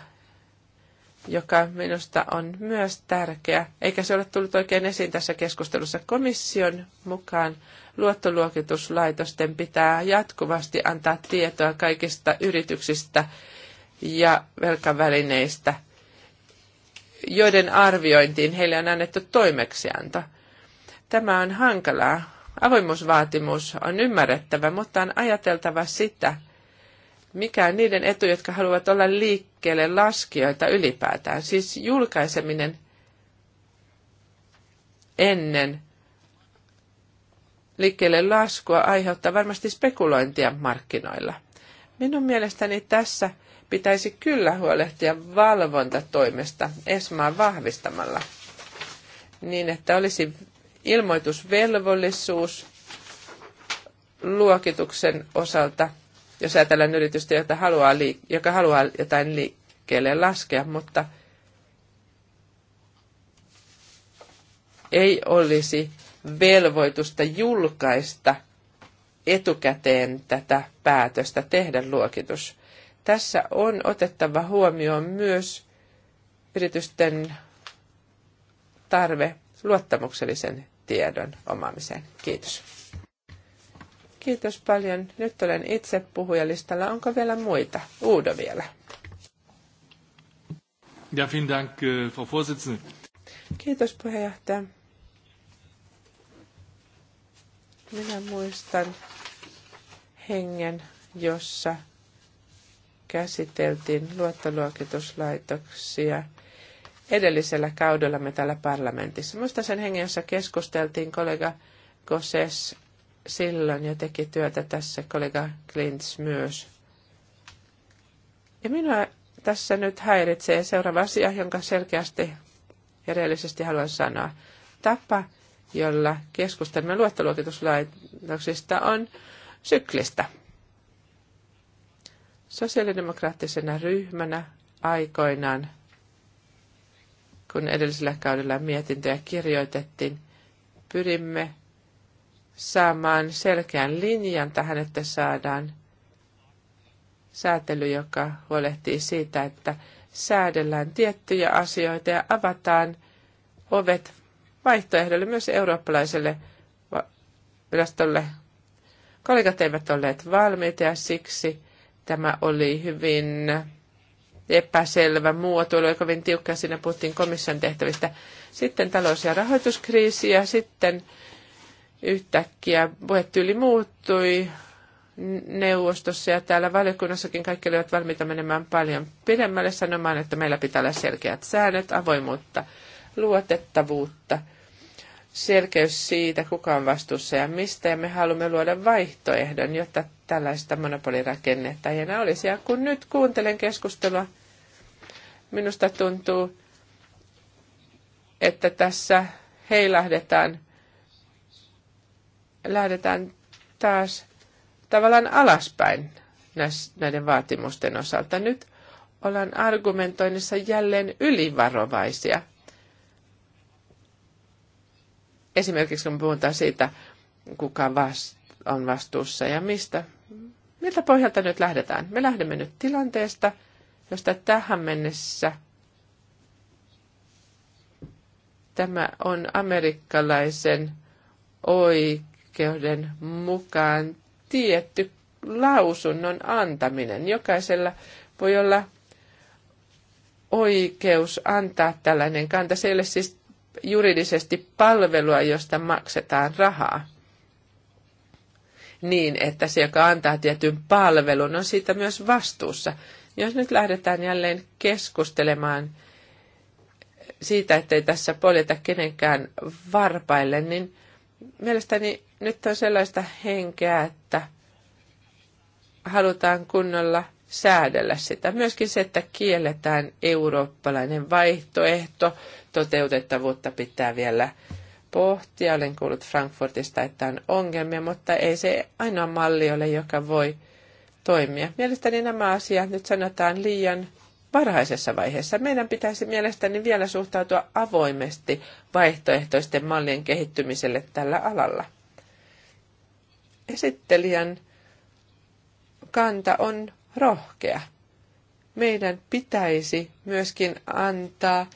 joka minusta on myös tärkeä, eikä se ole tullut oikein esiin tässä keskustelussa. Komission mukaan luottoluokituslaitosten pitää jatkuvasti antaa tietoa kaikista yrityksistä ja velkavälineistä – joiden arviointiin heille on annettu toimeksianto. Tämä on hankalaa. Avoimuusvaatimus on ymmärrettävä, mutta on ajateltava sitä, mikä on niiden etu, jotka haluavat olla liikkeelle laskijoita ylipäätään. Siis julkaiseminen ennen liikkeelle laskua aiheuttaa varmasti spekulointia markkinoilla. Minun mielestäni tässä – pitäisi kyllä huolehtia valvontatoimesta ESMAa vahvistamalla niin, että olisi ilmoitusvelvollisuus luokituksen osalta, jos ajatellaan yritystä, jota haluaa liik- joka haluaa jotain liikkeelle laskea, mutta ei olisi velvoitusta julkaista etukäteen tätä päätöstä tehdä luokitus tässä on otettava huomioon myös yritysten tarve luottamuksellisen tiedon omaamiseen. Kiitos. Kiitos paljon. Nyt olen itse puhujalistalla. Onko vielä muita? Uudo vielä. Ja, vielen Dank, äh, Frau Vorsitzende. Kiitos puheenjohtaja. Minä muistan hengen, jossa käsiteltiin luottoluokituslaitoksia edellisellä kaudella me täällä parlamentissa. Muista sen hengessä keskusteltiin kollega Goses silloin ja teki työtä tässä kollega Klints myös. Ja minua tässä nyt häiritsee seuraava asia, jonka selkeästi ja reellisesti haluan sanoa. Tapa, jolla keskustelemme luottoluokituslaitoksista on syklistä. Sosiaalidemokraattisena ryhmänä aikoinaan, kun edellisellä kaudella mietintöjä kirjoitettiin, pyrimme saamaan selkeän linjan tähän, että saadaan säätely, joka huolehtii siitä, että säädellään tiettyjä asioita ja avataan ovet vaihtoehdolle myös eurooppalaiselle virastolle. Kollegat eivät olleet valmiita ja siksi Tämä oli hyvin epäselvä muotoilu ja kovin tiukka. Siinä puhuttiin komission tehtävistä. Sitten talous- ja rahoituskriisi ja sitten yhtäkkiä puhetyyli muuttui neuvostossa ja täällä valiokunnassakin kaikki olivat valmiita menemään paljon pidemmälle sanomaan, että meillä pitää olla selkeät säännöt, avoimuutta, luotettavuutta, selkeys siitä, kuka on vastuussa ja mistä, ja me haluamme luoda vaihtoehdon, jotta tällaista monopolirakennetta ei enää olisi. Ja kun nyt kuuntelen keskustelua, minusta tuntuu, että tässä heilahdetaan, lähdetään taas tavallaan alaspäin näiden vaatimusten osalta. Nyt ollaan argumentoinnissa jälleen ylivarovaisia. Esimerkiksi kun puhutaan siitä, kuka vast, on vastuussa ja mistä Miltä pohjalta nyt lähdetään? Me lähdemme nyt tilanteesta, josta tähän mennessä tämä on amerikkalaisen oikeuden mukaan tietty lausunnon antaminen. Jokaisella voi olla oikeus antaa tällainen kanta. Se ei ole siis juridisesti palvelua, josta maksetaan rahaa niin, että se, joka antaa tietyn palvelun, on siitä myös vastuussa. Jos nyt lähdetään jälleen keskustelemaan siitä, ettei tässä poljeta kenenkään varpaille, niin mielestäni nyt on sellaista henkeä, että halutaan kunnolla säädellä sitä. Myöskin se, että kielletään eurooppalainen vaihtoehto, toteutettavuutta pitää vielä pohtia. Olen kuullut Frankfurtista, että on ongelmia, mutta ei se ainoa malli ole, joka voi toimia. Mielestäni nämä asiat nyt sanotaan liian varhaisessa vaiheessa. Meidän pitäisi mielestäni vielä suhtautua avoimesti vaihtoehtoisten mallien kehittymiselle tällä alalla. Esittelijän kanta on rohkea. Meidän pitäisi myöskin antaa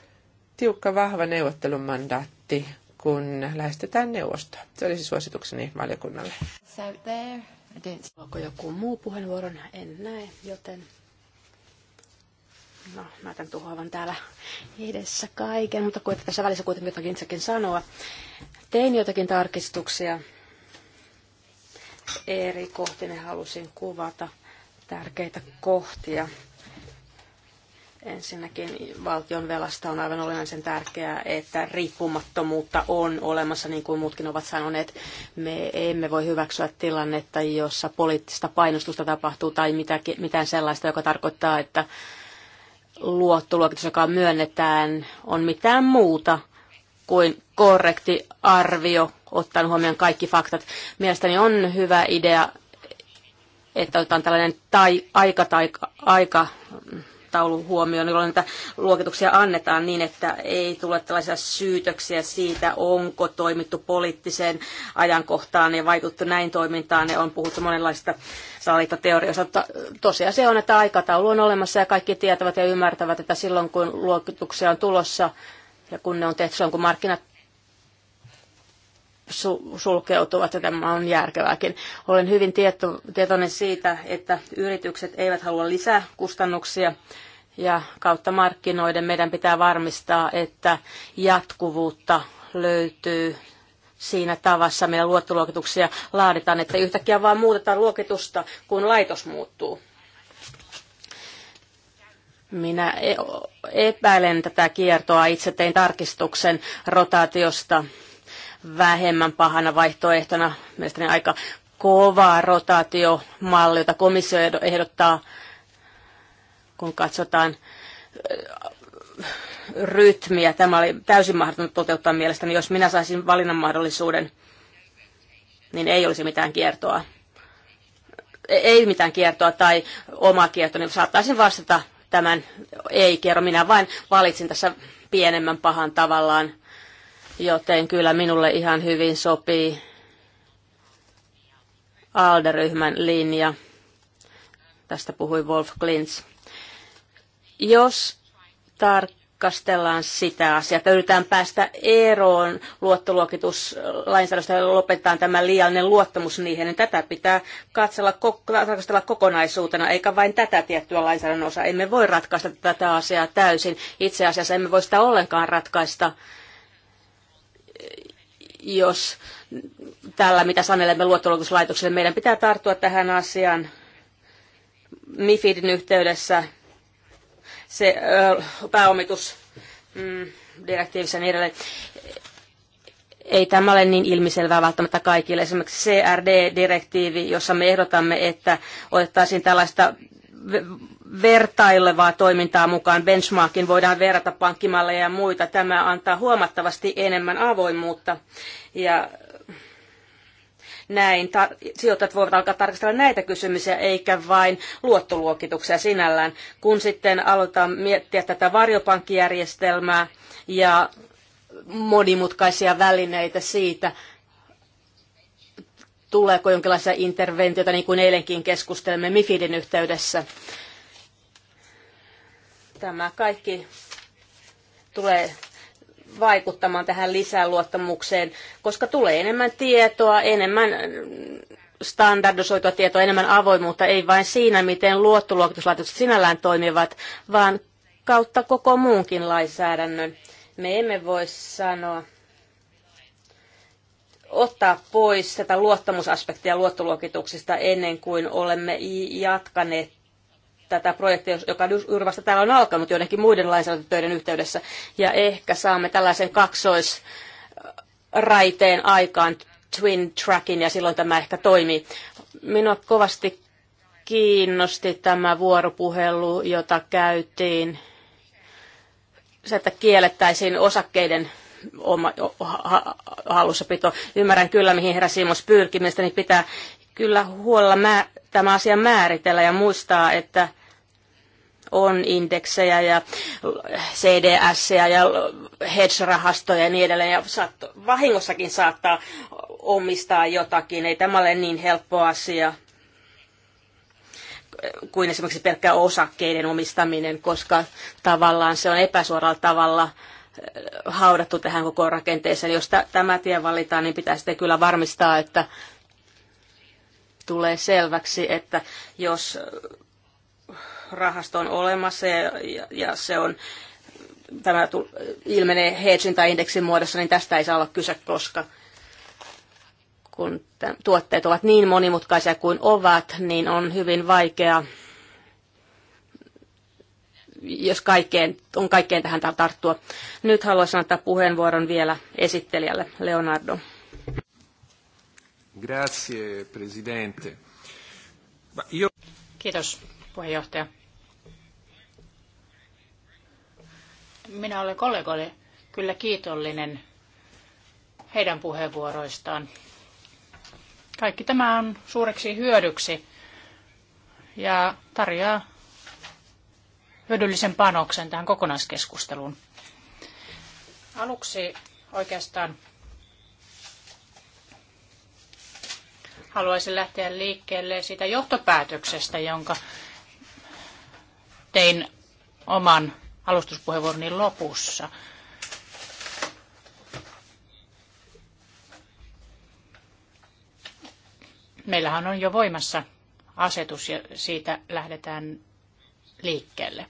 tiukka vahva neuvottelumandaatti kun lähestytään neuvostoa. Se olisi siis suositukseni valiokunnalle. Onko joku muu puheenvuoron? En näe, joten no, mä tämän tuhoavan täällä edessä kaiken, mutta koitan tässä välissä kuitenkin jotakin itsekin sanoa. Tein jotakin tarkistuksia. Eri kohtine halusin kuvata tärkeitä kohtia Ensinnäkin valtion velasta on aivan olennaisen tärkeää, että riippumattomuutta on olemassa, niin kuin muutkin ovat sanoneet. Me emme voi hyväksyä tilannetta, jossa poliittista painostusta tapahtuu tai mitään sellaista, joka tarkoittaa, että luottoluokitus, joka myönnetään, on mitään muuta kuin korrekti arvio, ottaen huomioon kaikki faktat. Mielestäni on hyvä idea, että otetaan tällainen tai, aika, tai, aika aikataulu huomioon, jolloin niitä luokituksia annetaan niin, että ei tule tällaisia syytöksiä siitä, onko toimittu poliittiseen ajankohtaan ja vaikuttu näin toimintaan. Ja on puhuttu monenlaista salaliittoteorioista, mutta tosiasia on, että aikataulu on olemassa ja kaikki tietävät ja ymmärtävät, että silloin kun luokituksia on tulossa ja kun ne on tehty, silloin kun markkinat sulkeutuvat ja tämä on järkevääkin. Olen hyvin tieto, tietoinen siitä, että yritykset eivät halua lisää kustannuksia ja kautta markkinoiden meidän pitää varmistaa, että jatkuvuutta löytyy siinä tavassa meidän luottoluokituksia laaditaan, että yhtäkkiä vaan muutetaan luokitusta, kun laitos muuttuu. Minä e- epäilen tätä kiertoa. Itse tein tarkistuksen rotaatiosta vähemmän pahana vaihtoehtona. Mielestäni aika kova rotaatiomalli, jota komissio ehdottaa, kun katsotaan rytmiä. Tämä oli täysin mahdotonta toteuttaa mielestäni. Jos minä saisin valinnan mahdollisuuden, niin ei olisi mitään kiertoa. E- ei mitään kiertoa tai oma kierto, niin saattaisin vastata tämän ei-kierro. Minä vain valitsin tässä pienemmän pahan tavallaan joten kyllä minulle ihan hyvin sopii Alderyhmän linja. Tästä puhui Wolf Klintz. Jos tarkastellaan sitä asiaa, että yritetään päästä eroon luottoluokituslainsäädöstä ja lopetetaan tämä liiallinen luottamus niihin, niin tätä pitää katsella, tarkastella kokonaisuutena, eikä vain tätä tiettyä lainsäädännön osaa. Emme voi ratkaista tätä asiaa täysin. Itse asiassa emme voi sitä ollenkaan ratkaista jos tällä, mitä sanelemme luottoluokituslaitokselle, meidän pitää tarttua tähän asiaan MIFIDin yhteydessä, se äh, pääomitus, mm, direktiivissä niin edelleen. Ei tämä ole niin ilmiselvää välttämättä kaikille. Esimerkiksi CRD-direktiivi, jossa me ehdotamme, että otettaisiin tällaista vertailevaa toimintaa mukaan. Benchmarkin voidaan verrata pankkimalleja ja muita. Tämä antaa huomattavasti enemmän avoimuutta ja näin tar- sijoittajat voivat alkaa tarkastella näitä kysymyksiä eikä vain luottoluokituksia sinällään. Kun sitten aloitetaan miettiä tätä varjopankkijärjestelmää ja monimutkaisia välineitä siitä, tuleeko jonkinlaisia interventioita, niin kuin eilenkin keskustelimme MIFIDin yhteydessä. Tämä kaikki tulee vaikuttamaan tähän lisäluottamukseen, koska tulee enemmän tietoa, enemmän mm, standardisoitua tietoa, enemmän avoimuutta, ei vain siinä, miten luottoluokituslaitokset sinällään toimivat, vaan kautta koko muunkin lainsäädännön. Me emme voi sanoa, ottaa pois tätä luottamusaspektia luottoluokituksista ennen kuin olemme jatkaneet tätä projektia, joka vasta täällä on alkanut joidenkin muiden lainsäädäntötöiden yhteydessä. Ja ehkä saamme tällaisen kaksoisraiteen äh, aikaan twin trackin ja silloin tämä ehkä toimii. Minua kovasti kiinnosti tämä vuoropuhelu, jota käytiin. Se, että kiellettäisiin osakkeiden oma, hallussapito. Ymmärrän kyllä, mihin herra Simos pyrkimistä, niin pitää kyllä huolella mä, tämä asia määritellä ja muistaa, että on indeksejä ja CDS ja hedge-rahastoja ja niin edelleen. Ja saat, vahingossakin saattaa omistaa jotakin. Ei tämä ole niin helppo asia kuin esimerkiksi pelkkä osakkeiden omistaminen, koska tavallaan se on epäsuoralla tavalla eh, haudattu tähän koko rakenteeseen. Jos tämä tie valitaan, niin pitää sitten kyllä varmistaa, että tulee selväksi, että jos rahasto on olemassa ja, ja, ja se on tämä ilmenee hedgin tai indeksin muodossa, niin tästä ei saa olla kyse, koska kun tuotteet ovat niin monimutkaisia kuin ovat, niin on hyvin vaikea, jos kaikkeen, on kaikkeen tähän tarttua. Nyt haluaisin antaa puheenvuoron vielä esittelijälle, Leonardo. Grazie, presidente. Kiitos, puheenjohtaja. Minä olen kollegoille kyllä kiitollinen heidän puheenvuoroistaan. Kaikki tämä on suureksi hyödyksi ja tarjoaa hyödyllisen panoksen tähän kokonaiskeskusteluun. Aluksi oikeastaan haluaisin lähteä liikkeelle siitä johtopäätöksestä, jonka tein oman alustuspuheenvuoroni lopussa. Meillähän on jo voimassa asetus ja siitä lähdetään liikkeelle.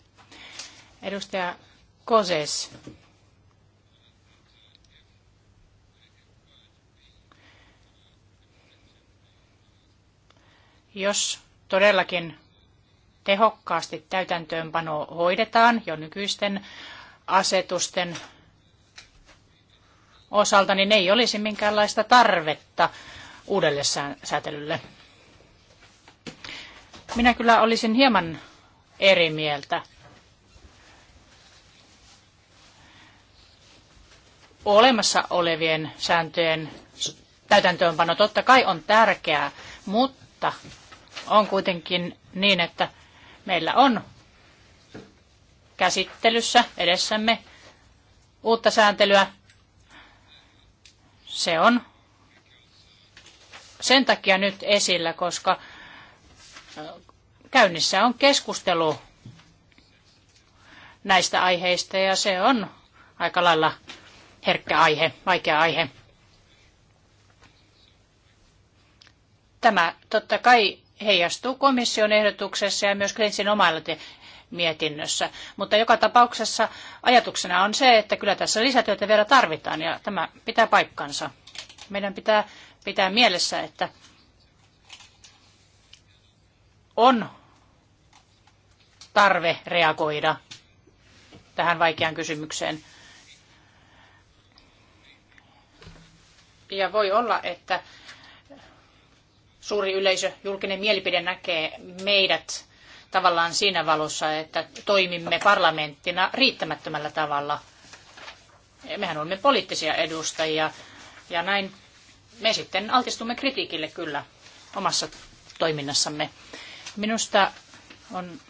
Edustaja Koses. Jos todellakin tehokkaasti täytäntöönpano hoidetaan jo nykyisten asetusten osalta, niin ei olisi minkäänlaista tarvetta uudelle säätelylle. Minä kyllä olisin hieman eri mieltä. Olemassa olevien sääntöjen täytäntöönpano totta kai on tärkeää, mutta on kuitenkin niin, että Meillä on käsittelyssä edessämme uutta sääntelyä. Se on sen takia nyt esillä, koska käynnissä on keskustelu näistä aiheista ja se on aika lailla herkkä aihe, vaikea aihe. Tämä totta kai heijastuu komission ehdotuksessa ja myös Klinsin omailote mietinnössä. Mutta joka tapauksessa ajatuksena on se, että kyllä tässä lisätyötä vielä tarvitaan ja tämä pitää paikkansa. Meidän pitää pitää mielessä, että on tarve reagoida tähän vaikeaan kysymykseen. Ja voi olla, että suuri yleisö, julkinen mielipide näkee meidät tavallaan siinä valossa, että toimimme parlamenttina riittämättömällä tavalla. Mehän olemme poliittisia edustajia ja näin me sitten altistumme kritiikille kyllä omassa toiminnassamme. Minusta on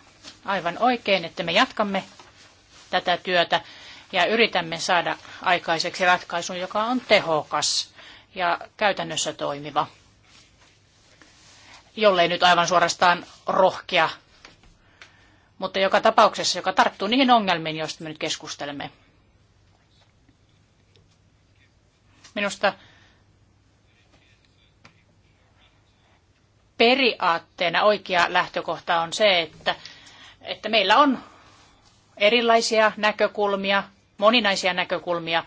aivan oikein, että me jatkamme tätä työtä ja yritämme saada aikaiseksi ratkaisun, joka on tehokas ja käytännössä toimiva jollei nyt aivan suorastaan rohkea. Mutta joka tapauksessa, joka tarttuu niihin ongelmiin, joista me nyt keskustelemme. Minusta periaatteena oikea lähtökohta on se, että, että meillä on erilaisia näkökulmia, moninaisia näkökulmia,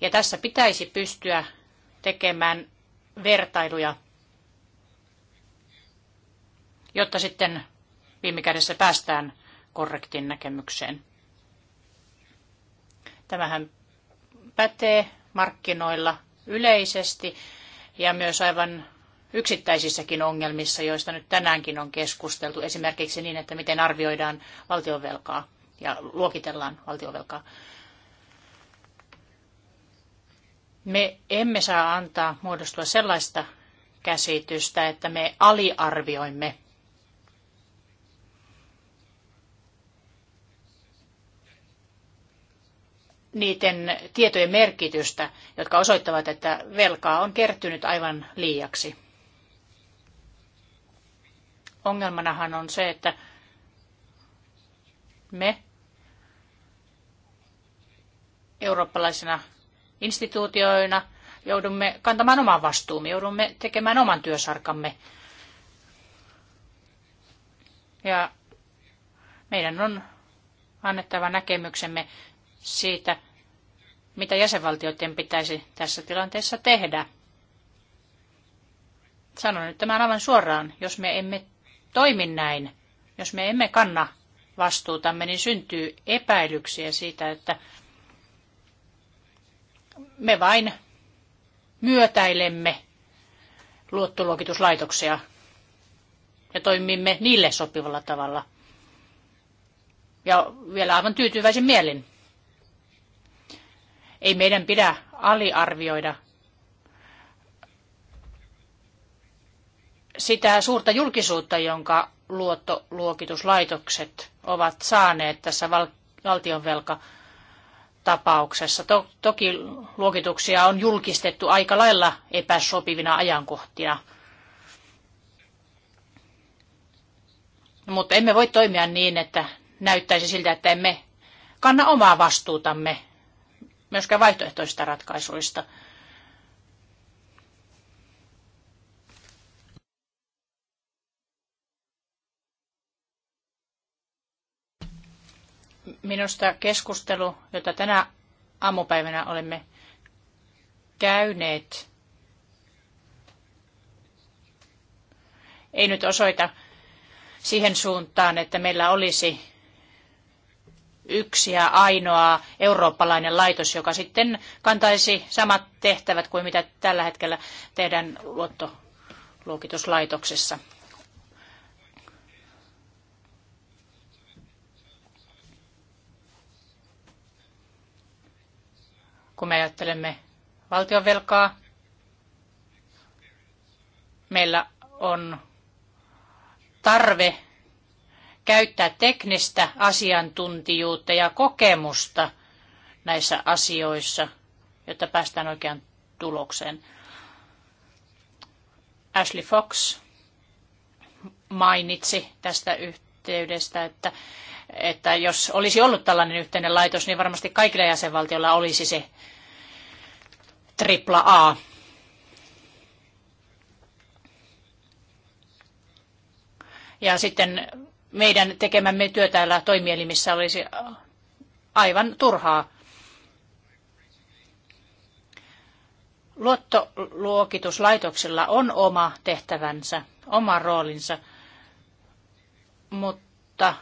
ja tässä pitäisi pystyä tekemään vertailuja jotta sitten viime kädessä päästään korrektiin näkemykseen. Tämähän pätee markkinoilla yleisesti ja myös aivan yksittäisissäkin ongelmissa, joista nyt tänäänkin on keskusteltu, esimerkiksi niin, että miten arvioidaan valtionvelkaa ja luokitellaan valtionvelkaa. Me emme saa antaa muodostua sellaista käsitystä, että me aliarvioimme niiden tietojen merkitystä, jotka osoittavat, että velkaa on kertynyt aivan liiaksi. Ongelmanahan on se, että me eurooppalaisina instituutioina joudumme kantamaan oman vastuumme, joudumme tekemään oman työsarkamme. Ja meidän on annettava näkemyksemme siitä, mitä jäsenvaltioiden pitäisi tässä tilanteessa tehdä. Sanon nyt tämän aivan suoraan. Jos me emme toimi näin, jos me emme kanna vastuutamme, niin syntyy epäilyksiä siitä, että me vain myötäilemme luottoluokituslaitoksia ja toimimme niille sopivalla tavalla. Ja vielä aivan tyytyväisin mielin. Ei meidän pidä aliarvioida sitä suurta julkisuutta, jonka luottoluokituslaitokset ovat saaneet tässä valtionvelkatapauksessa. valtionvelka toki luokituksia on julkistettu aika lailla epäsopivina ajankohtina. Mutta emme voi toimia niin, että näyttäisi siltä, että emme kanna omaa vastuutamme myöskään vaihtoehtoisista ratkaisuista. Minusta keskustelu, jota tänä aamupäivänä olemme käyneet, ei nyt osoita siihen suuntaan, että meillä olisi yksi ja ainoa eurooppalainen laitos, joka sitten kantaisi samat tehtävät kuin mitä tällä hetkellä tehdään luottoluokituslaitoksessa. Kun me ajattelemme valtionvelkaa, meillä on tarve käyttää teknistä asiantuntijuutta ja kokemusta näissä asioissa, jotta päästään oikeaan tulokseen. Ashley Fox mainitsi tästä yhteydestä, että, että jos olisi ollut tällainen yhteinen laitos, niin varmasti kaikilla jäsenvaltioilla olisi se tripla A. Ja sitten meidän tekemämme työ täällä toimielimissä olisi aivan turhaa. Luottoluokituslaitoksella on oma tehtävänsä, oma roolinsa, mutta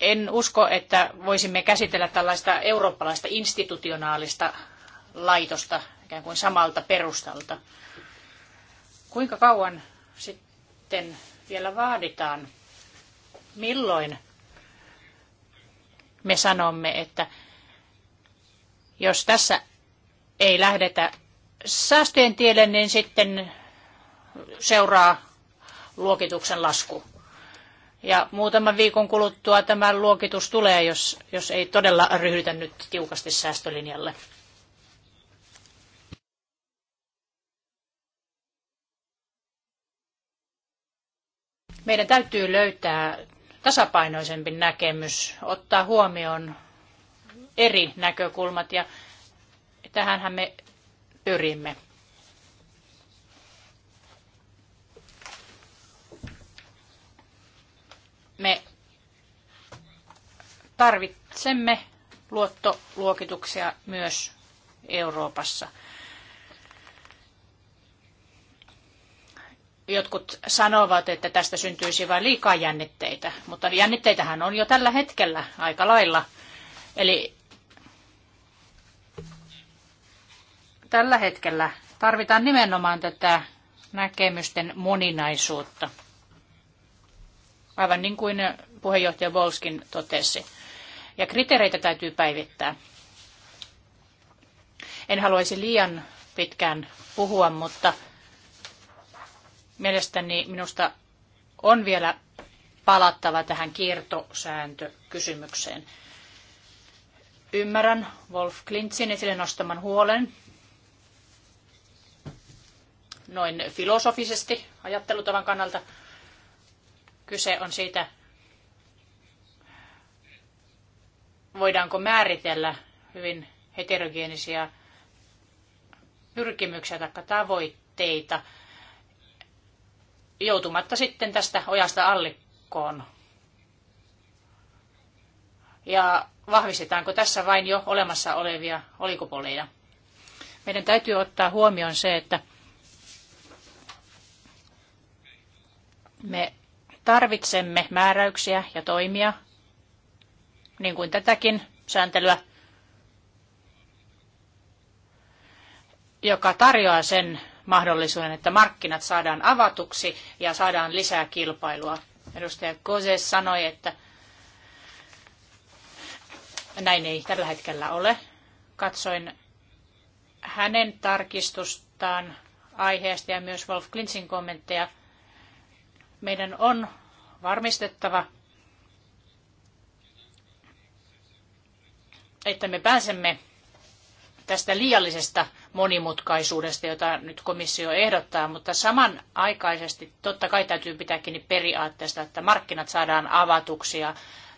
en usko, että voisimme käsitellä tällaista eurooppalaista institutionaalista laitosta ikään kuin samalta perustalta. Kuinka kauan sitten vielä vaaditaan? Milloin me sanomme, että jos tässä ei lähdetä säästöjen tielle, niin sitten seuraa luokituksen lasku. Ja muutaman viikon kuluttua tämä luokitus tulee, jos, jos ei todella ryhdytä nyt tiukasti säästölinjalle. Meidän täytyy löytää tasapainoisempi näkemys, ottaa huomioon eri näkökulmat ja tähänhän me pyrimme. Me tarvitsemme luottoluokituksia myös Euroopassa. Jotkut sanovat, että tästä syntyisi vain liikaa jännitteitä, mutta jännitteitähän on jo tällä hetkellä aika lailla. Eli tällä hetkellä tarvitaan nimenomaan tätä näkemysten moninaisuutta. Aivan niin kuin puheenjohtaja Volskin totesi. Ja kriteereitä täytyy päivittää. En haluaisi liian pitkään puhua, mutta Mielestäni minusta on vielä palattava tähän kiertosääntökysymykseen. Ymmärrän Wolf Klintzin esille nostaman huolen noin filosofisesti ajattelutavan kannalta. Kyse on siitä, voidaanko määritellä hyvin heterogeenisia pyrkimyksiä tai tavoitteita – joutumatta sitten tästä ojasta allikkoon. Ja vahvistetaanko tässä vain jo olemassa olevia olikopoleja? Meidän täytyy ottaa huomioon se, että me tarvitsemme määräyksiä ja toimia, niin kuin tätäkin sääntelyä, joka tarjoaa sen, mahdollisuuden, että markkinat saadaan avatuksi ja saadaan lisää kilpailua. Edustaja Kose sanoi, että näin ei tällä hetkellä ole. Katsoin hänen tarkistustaan aiheesta ja myös Wolf Klinsin kommentteja. Meidän on varmistettava, että me pääsemme tästä liiallisesta monimutkaisuudesta, jota nyt komissio ehdottaa, mutta samanaikaisesti totta kai täytyy pitää kiinni periaatteesta, että markkinat saadaan avatuksi ja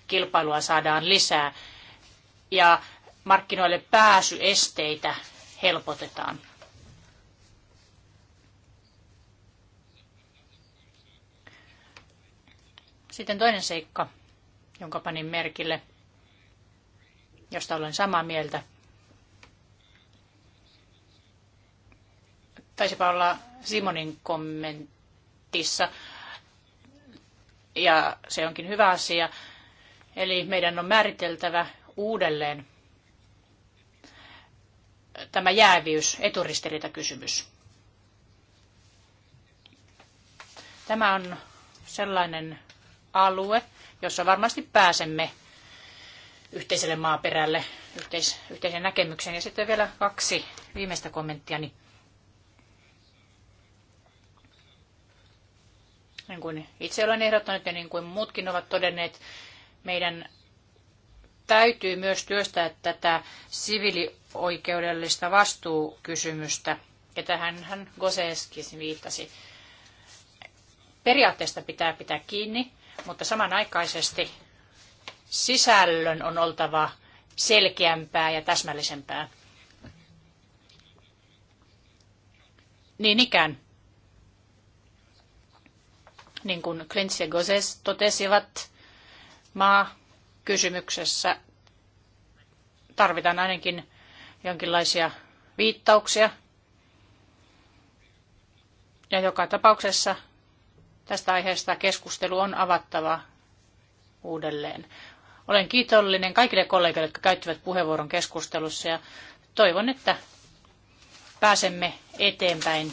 kilpailua saadaan lisää ja markkinoille pääsyesteitä helpotetaan. Sitten toinen seikka, jonka panin merkille, josta olen samaa mieltä. taisipa olla Simonin kommentissa, ja se onkin hyvä asia. Eli meidän on määriteltävä uudelleen tämä jääviys, eturistiriitakysymys. Tämä on sellainen alue, jossa varmasti pääsemme yhteiselle maaperälle, yhteis- yhteisen näkemykseen. Ja sitten vielä kaksi viimeistä kommenttia niin. niin kuin itse olen ehdottanut ja niin kuin muutkin ovat todenneet, meidän täytyy myös työstää tätä sivilioikeudellista vastuukysymystä. Ja tähän hän Goseskin viittasi. Periaatteesta pitää pitää kiinni, mutta samanaikaisesti sisällön on oltava selkeämpää ja täsmällisempää. Niin ikään niin kuin Klintz ja Gozes totesivat, maa kysymyksessä tarvitaan ainakin jonkinlaisia viittauksia. Ja joka tapauksessa tästä aiheesta keskustelu on avattava uudelleen. Olen kiitollinen kaikille kollegoille, jotka käyttivät puheenvuoron keskustelussa ja toivon, että pääsemme eteenpäin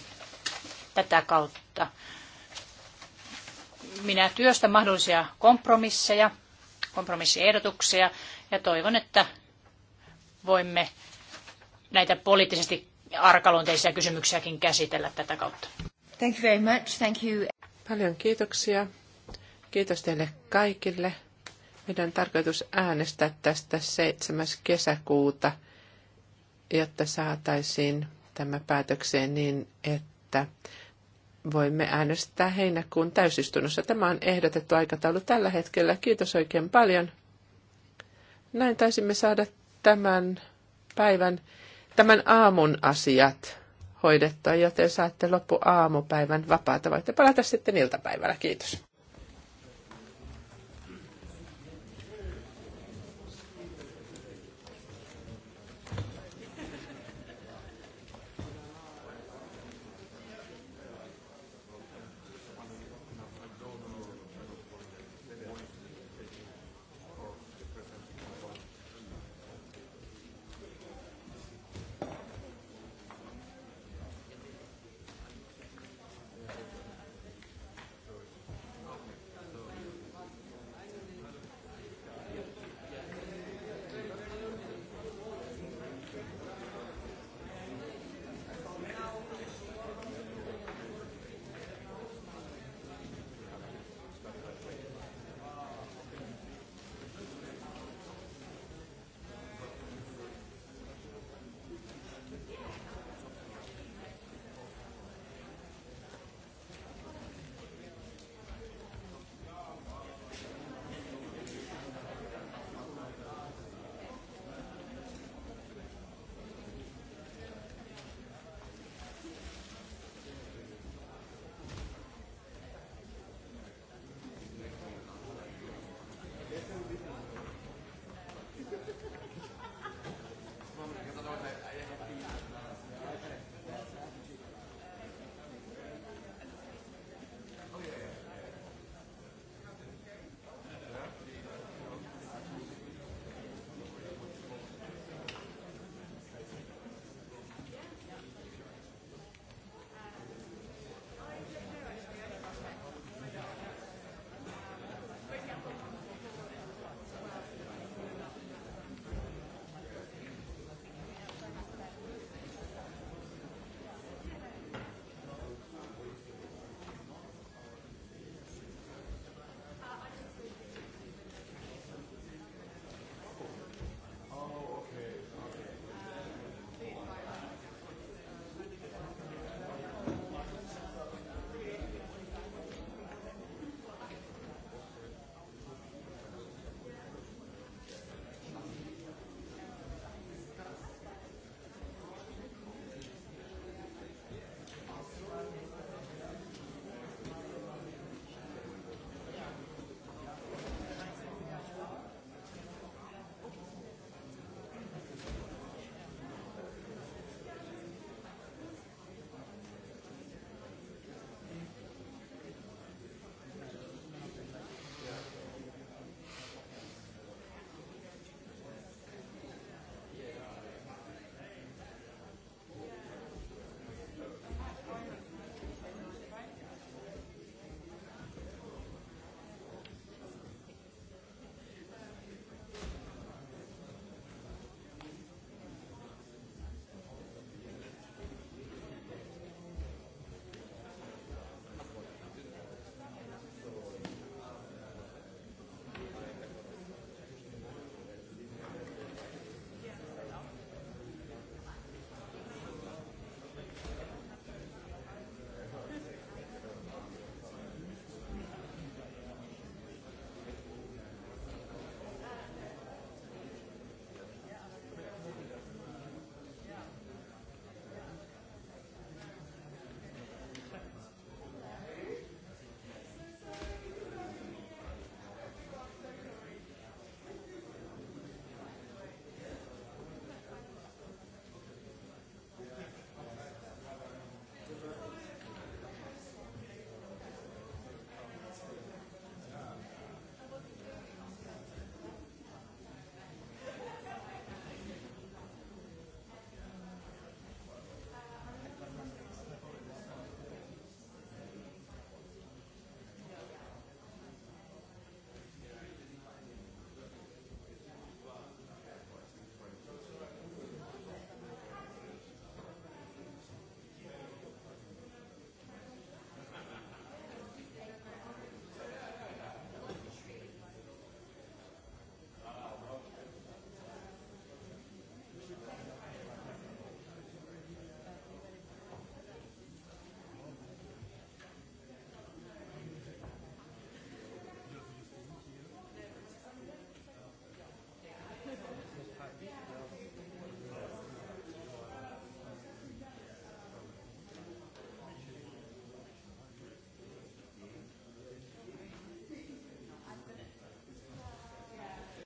tätä kautta minä työstän mahdollisia kompromisseja, kompromissiehdotuksia ja toivon, että voimme näitä poliittisesti arkaluonteisia kysymyksiäkin käsitellä tätä kautta. Thank you very much. Thank you. Paljon kiitoksia. Kiitos teille kaikille. Meidän on tarkoitus äänestää tästä 7. kesäkuuta, jotta saataisiin tämä päätökseen niin, että voimme äänestää heinäkuun täysistunnossa. Tämä on ehdotettu aikataulu tällä hetkellä. Kiitos oikein paljon. Näin taisimme saada tämän päivän, tämän aamun asiat hoidettua, joten saatte loppu aamupäivän vapaata. Voitte palata sitten iltapäivällä. Kiitos.